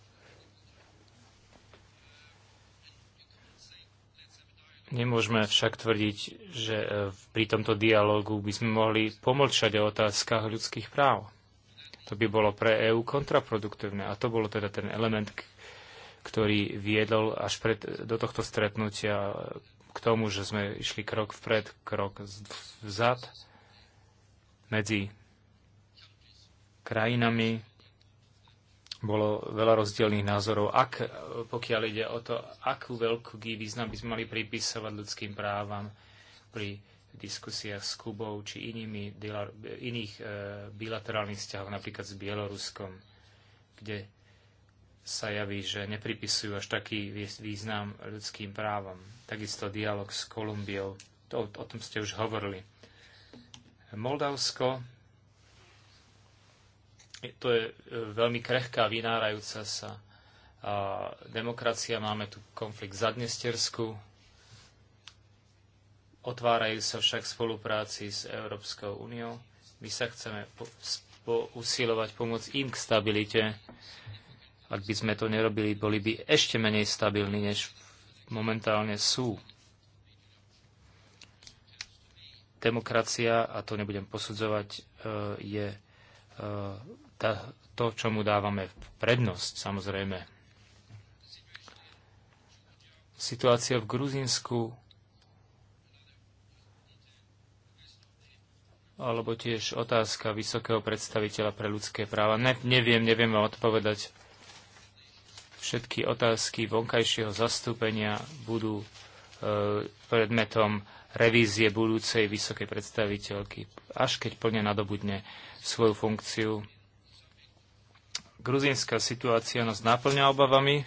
Nemôžeme však tvrdiť, že e, pri tomto dialogu by sme mohli pomlčať o otázkach ľudských práv. To by bolo pre EÚ kontraproduktívne. A to bolo teda ten element, ktorý viedol až pred, do tohto stretnutia e, k tomu, že sme išli krok vpred, krok vzad medzi krajinami, bolo veľa rozdielných názorov, ak, pokiaľ ide o to, akú veľkú význam by sme mali pripisovať ľudským právam pri diskusiách s Kubou či inými, iných e, bilaterálnych vzťahov, napríklad s Bieloruskom, kde sa javí, že nepripisujú až taký význam ľudským právom. Takisto dialog s Kolumbiou, to, o tom ste už hovorili. Moldavsko to je e, veľmi krehká, vynárajúca sa a demokracia. Máme tu konflikt za Dnestersku. Otvárajú sa však v spolupráci s Európskou úniou. My sa chceme po, po, usilovať pomôcť im k stabilite. Ak by sme to nerobili, boli by ešte menej stabilní, než momentálne sú. Demokracia, a to nebudem posudzovať, e, je e, to, to, mu dávame prednosť, samozrejme. Situácia v Gruzinsku, alebo tiež otázka vysokého predstaviteľa pre ľudské práva. Ne, neviem, neviem vám odpovedať. Všetky otázky vonkajšieho zastúpenia budú e, predmetom revízie budúcej vysokej predstaviteľky, až keď plne nadobudne svoju funkciu. Gruzínska situácia nás naplňa obavami.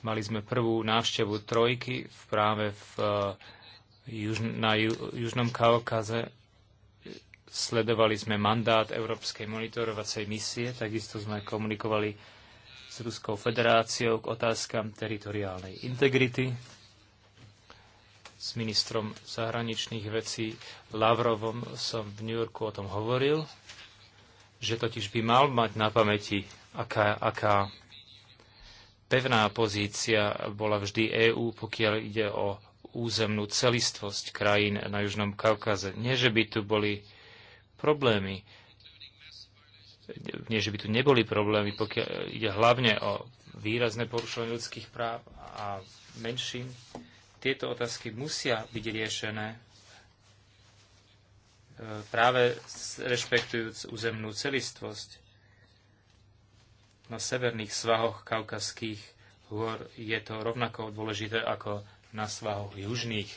Mali sme prvú návštevu trojky práve v, eh, na Južnom Kaukaze. Sledovali sme mandát Európskej monitorovacej misie, takisto sme komunikovali s Ruskou federáciou k otázkam teritoriálnej integrity s ministrom zahraničných vecí Lavrovom som v New Yorku o tom hovoril že totiž by mal mať na pamäti, aká, aká pevná pozícia bola vždy EÚ, pokiaľ ide o územnú celistvosť krajín na Južnom Kaukaze. Nie, že by tu boli problémy, nie, že by tu neboli problémy, pokiaľ ide hlavne o výrazné porušovanie ľudských práv a menšín, tieto otázky musia byť riešené práve rešpektujúc územnú celistvosť. Na severných svahoch kaukazských hôr je to rovnako dôležité ako na svahoch južných.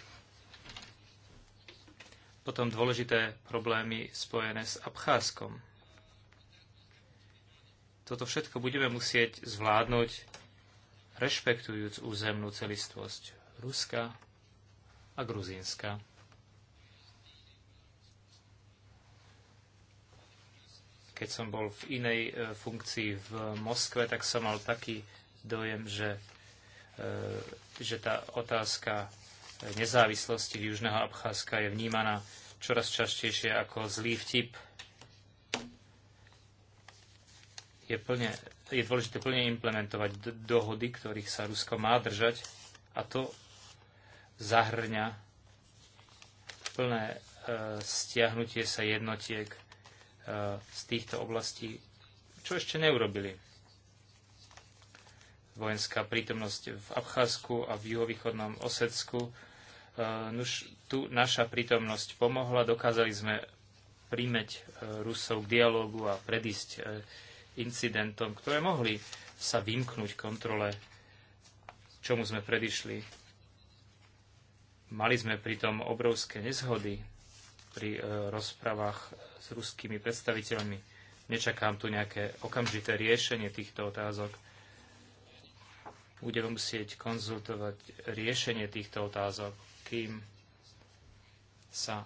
Potom dôležité problémy spojené s Abcházkom. Toto všetko budeme musieť zvládnuť, rešpektujúc územnú celistvosť Ruska a Gruzínska. keď som bol v inej e, funkcii v Moskve, tak som mal taký dojem, že, e, že tá otázka e, nezávislosti Južného Abcházska je vnímaná čoraz častejšie ako zlý vtip. Je, plne, je dôležité plne implementovať dohody, ktorých sa Rusko má držať a to zahrňa plné e, stiahnutie sa jednotiek z týchto oblastí, čo ešte neurobili. Vojenská prítomnosť v Abcházsku a v juhovýchodnom Osecku. Nuž, tu naša prítomnosť pomohla, dokázali sme prímeť e, Rusov k dialogu a predísť e, incidentom, ktoré mohli sa vymknúť kontrole, čomu sme predišli. Mali sme pritom obrovské nezhody pri e, rozprávach s ruskými predstaviteľmi. Nečakám tu nejaké okamžité riešenie týchto otázok. Budeme musieť konzultovať riešenie týchto otázok, kým sa e,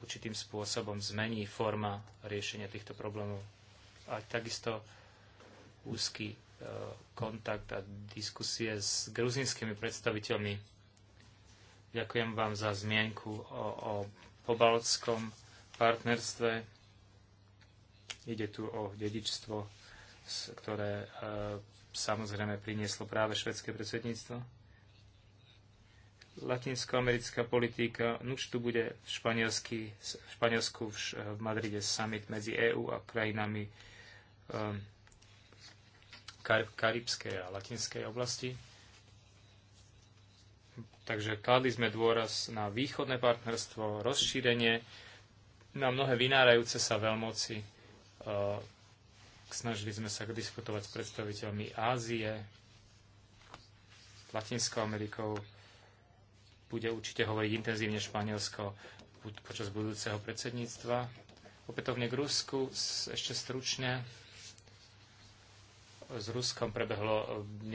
určitým spôsobom zmení forma riešenia týchto problémov. A takisto úzky e, kontakt a diskusie s gruzinskými predstaviteľmi. Ďakujem vám za zmienku o, o pobaltskom partnerstve. Ide tu o dedičstvo, ktoré e, samozrejme prinieslo práve švedské predsedníctvo. Latinskoamerická politika, nuž tu bude v, Španielsky, v Španielsku v, v Madride summit medzi EÚ a krajinami um, kar, karibskej a latinskej oblasti. Takže kladli sme dôraz na východné partnerstvo, rozšírenie na mnohé vynárajúce sa veľmoci. E, snažili sme sa diskutovať s predstaviteľmi Ázie, Latinskou Amerikou. Bude určite hovoriť intenzívne Španielsko počas budúceho predsedníctva. Opätovne k Rusku, ešte stručne. S Ruskom prebehlo e,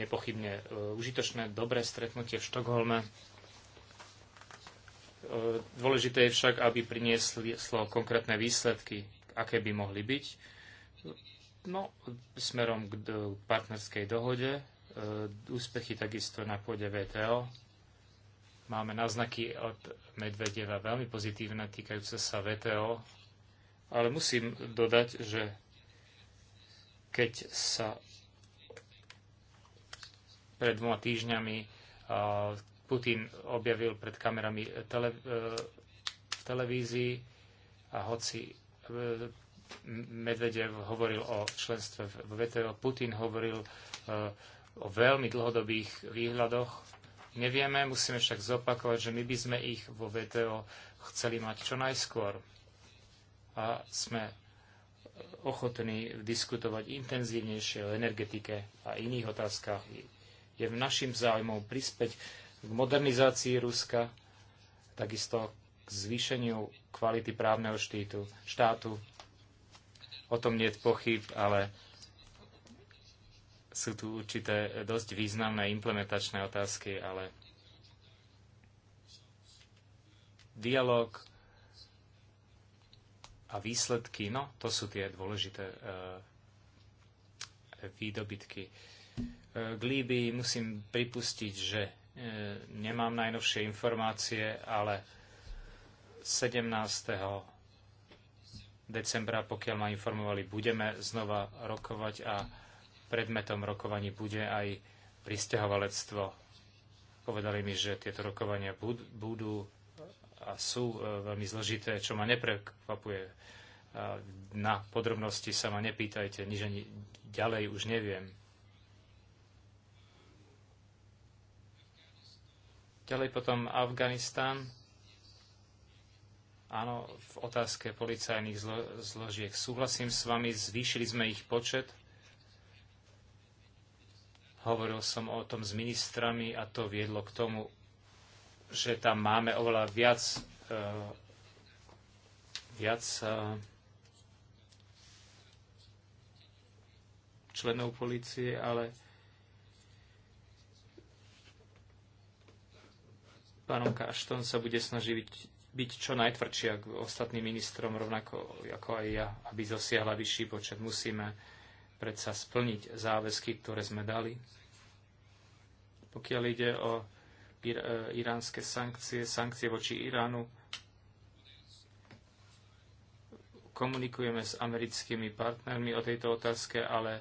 nepochybne e, užitočné, dobré stretnutie v Štokholme. E, dôležité je však, aby priniesli konkrétne výsledky, aké by mohli byť. No, smerom k partnerskej dohode, e, úspechy takisto na pôde VTO. Máme náznaky od Medvedeva veľmi pozitívne týkajúce sa VTO, ale musím dodať, že keď sa pred dvoma týždňami Putin objavil pred kamerami eh, tele, eh, v televízii a hoci eh, Medvedev hovoril o členstve v VTO, Putin hovoril o veľmi dlhodobých výhľadoch. Nevieme, musíme však zopakovať, že my by sme ich vo VTO chceli mať čo najskôr. A sme ochotní diskutovať intenzívnejšie o energetike a iných otázkach. Je v našim záujmom prispäť k modernizácii Ruska, takisto k zvýšeniu kvality právneho štítu, štátu. O tom nie je pochyb, ale sú tu určité dosť významné implementačné otázky, ale dialog a výsledky, no to sú tie dôležité uh, výdobytky. Uh, k Líbii musím pripustiť, že E, nemám najnovšie informácie, ale 17. decembra, pokiaľ ma informovali, budeme znova rokovať a predmetom rokovaní bude aj pristahovalectvo. Povedali mi, že tieto rokovania budú a sú e, veľmi zložité, čo ma neprekvapuje. Na podrobnosti sa ma nepýtajte, nič ani ďalej už neviem. Ďalej potom Afganistán. Áno, v otázke policajných zlo zložiek súhlasím s vami, zvýšili sme ich počet. Hovoril som o tom s ministrami a to viedlo k tomu, že tam máme oveľa viac, uh, viac uh, členov policie, ale Pánom Kašton sa bude snažiť byť čo najtvrdšia k ostatným ministrom, rovnako ako aj ja, aby zasiahla vyšší počet. Musíme predsa splniť záväzky, ktoré sme dali. Pokiaľ ide o e, iránske sankcie, sankcie voči Iránu, komunikujeme s americkými partnermi o tejto otázke, ale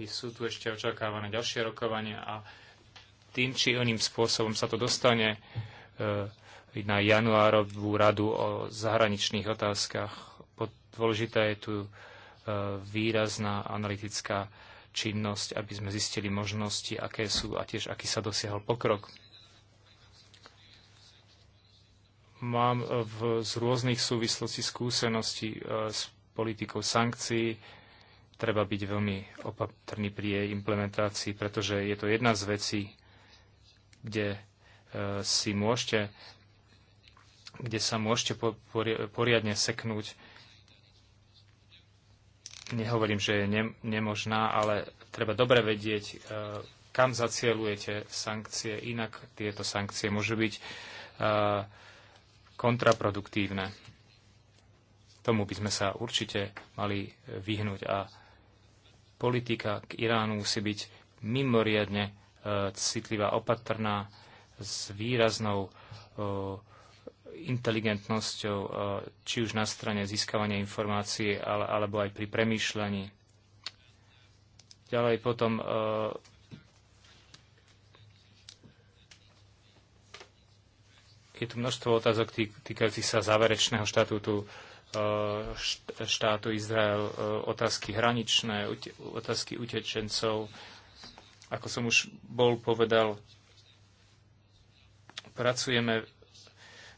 sú tu ešte očakávané ďalšie rokovania a tým či oným spôsobom sa to dostane e, na januárovú radu o zahraničných otázkach. Dôležitá je tu e, výrazná analytická činnosť, aby sme zistili možnosti, aké sú a tiež aký sa dosiahol pokrok. Mám e, v, z rôznych súvislostí skúsenosti s politikou sankcií, treba byť veľmi opatrný pri jej implementácii, pretože je to jedna z vecí, kde e, si môžete kde sa môžete poriadne seknúť. Nehovorím, že je nemožná, ale treba dobre vedieť, e, kam zacielujete sankcie, inak tieto sankcie môžu byť e, kontraproduktívne. Tomu by sme sa určite mali vyhnúť a politika k Iránu musí byť mimoriadne E, citlivá, opatrná, s výraznou e, inteligentnosťou, e, či už na strane získavania informácií, ale, alebo aj pri premýšľaní. Ďalej potom je tu množstvo otázok týkajúcich sa záverečného štatútu štátu Izrael, otázky hraničné, otázky utečencov, ako som už bol povedal, pracujeme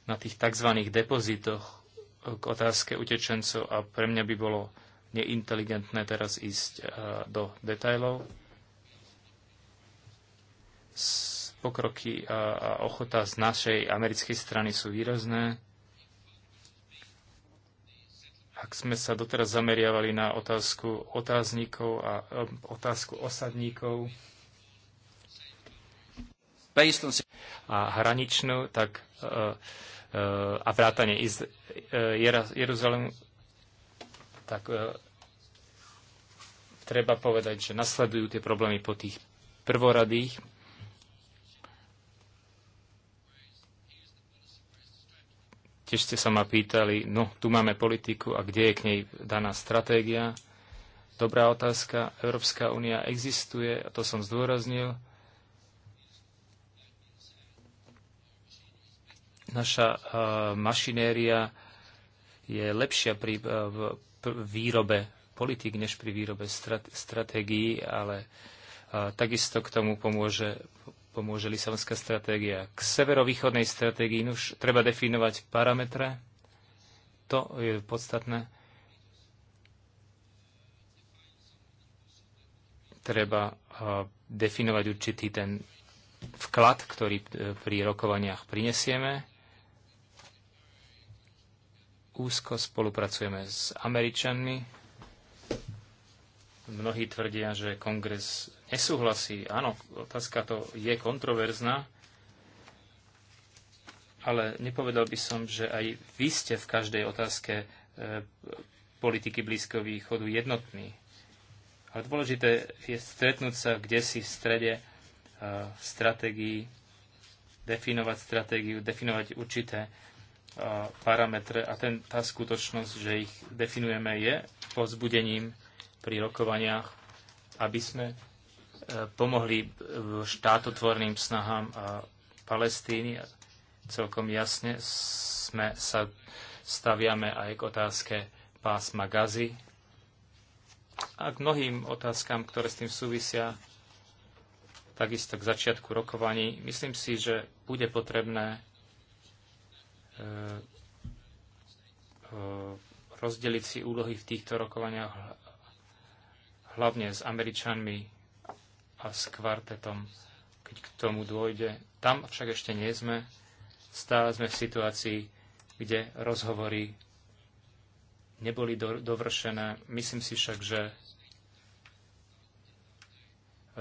na tých tzv. depozitoch k otázke utečencov a pre mňa by bolo neinteligentné teraz ísť eh, do detajlov. Pokroky a ochota z našej americkej strany sú výrazné ak sme sa doteraz zameriavali na otázku otáznikov a eh, otázku osadníkov, a hraničnú, tak e, e, a vrátanie iz, e, Jeruzalému, tak treba povedať, že nasledujú tie problémy po tých prvoradých, Tiež ste sa ma pýtali, no tu máme politiku a kde je k nej daná stratégia. Dobrá otázka. Európska únia existuje, a to som zdôraznil, Naša eh, mašinéria je lepšia pri eh, výrobe politik než pri výrobe strat, stratégií, ale eh, takisto k tomu pomôže, pomôže Lisabonská stratégia. K severovýchodnej stratégii už treba definovať parametre. To je podstatné. Treba definovať určitý ten vklad, ktorý pri rokovaniach prinesieme. Úzko spolupracujeme s Američanmi. Mnohí tvrdia, že kongres nesúhlasí. Áno, otázka to je kontroverzná, ale nepovedal by som, že aj vy ste v každej otázke e, politiky Blízkeho východu jednotní. Ale dôležité je stretnúť sa kde si v strede e, stratégií, definovať stratégiu, definovať určité parametre a ten, tá skutočnosť, že ich definujeme, je pozbudením pri rokovaniach, aby sme e, pomohli e, štátotvorným snahám a Palestíny. Celkom jasne sme sa staviame aj k otázke pásma Gazy a k mnohým otázkam, ktoré s tým súvisia, takisto k začiatku rokovaní. Myslím si, že bude potrebné E, e, rozdeliť si úlohy v týchto rokovaniach hlavne s Američanmi a s kvartetom, keď k tomu dôjde. Tam však ešte nie sme. Stále sme v situácii, kde rozhovory neboli do, dovršené. Myslím si však, že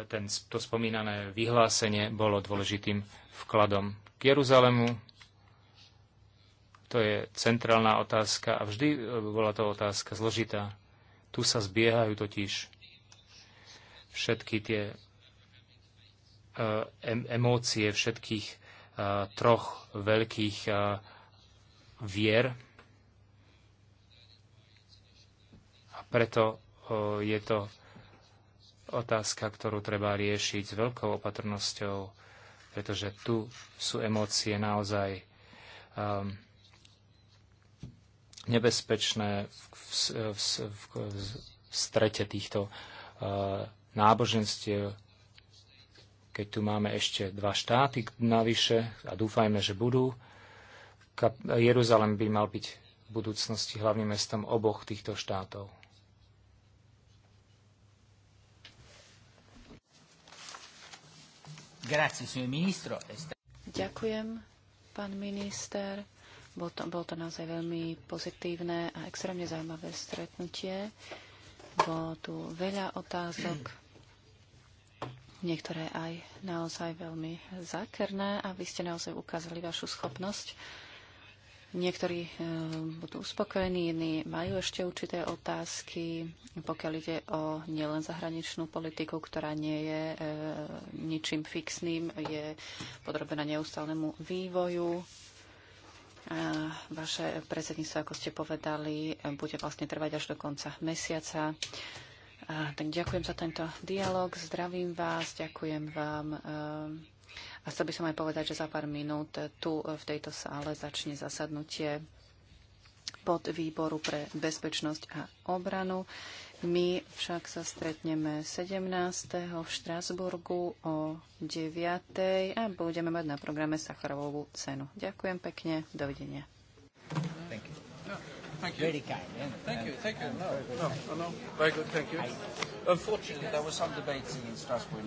ten, to spomínané vyhlásenie bolo dôležitým vkladom k Jeruzalému to je centrálna otázka a vždy e, bola to otázka zložitá. Tu sa zbiehajú totiž všetky tie e, emócie všetkých e, troch veľkých vier. A preto je to otázka, ktorú treba riešiť s veľkou opatrnosťou, pretože tu sú emócie naozaj um, nebezpečné v, v, v, v, v strete týchto uh, náboženstiev, keď tu máme ešte dva štáty navyše a dúfajme, že budú. Kap- Jeruzalem by mal byť v budúcnosti hlavným mestom oboch týchto štátov. Ďakujem, pán minister. Bolo to, bolo to naozaj veľmi pozitívne a extrémne zaujímavé stretnutie. Bolo tu veľa otázok, niektoré aj naozaj veľmi zákerné a vy ste naozaj ukázali vašu schopnosť. Niektorí e, budú uspokojení, iní majú ešte určité otázky, pokiaľ ide o nielen zahraničnú politiku, ktorá nie je e, ničím fixným, je podrobená neustálnemu vývoju, Vaše predsedníctvo, ako ste povedali, bude vlastne trvať až do konca mesiaca. Tak ďakujem za tento dialog, zdravím vás, ďakujem vám. Eh, a chcel by som aj povedať, že za pár minút tu v tejto sále začne zasadnutie pod výboru pre bezpečnosť a obranu. My však sa stretneme 17. v Štrásburgu o 9. a budeme mať na programe Sacharovú cenu. Ďakujem pekne. Dovidenia. Thank you. No, very kind. Yeah? Thank you. Thank you. no, no, no. no, no very good. Thank you. Unfortunately, there were some debates in Strasbourg.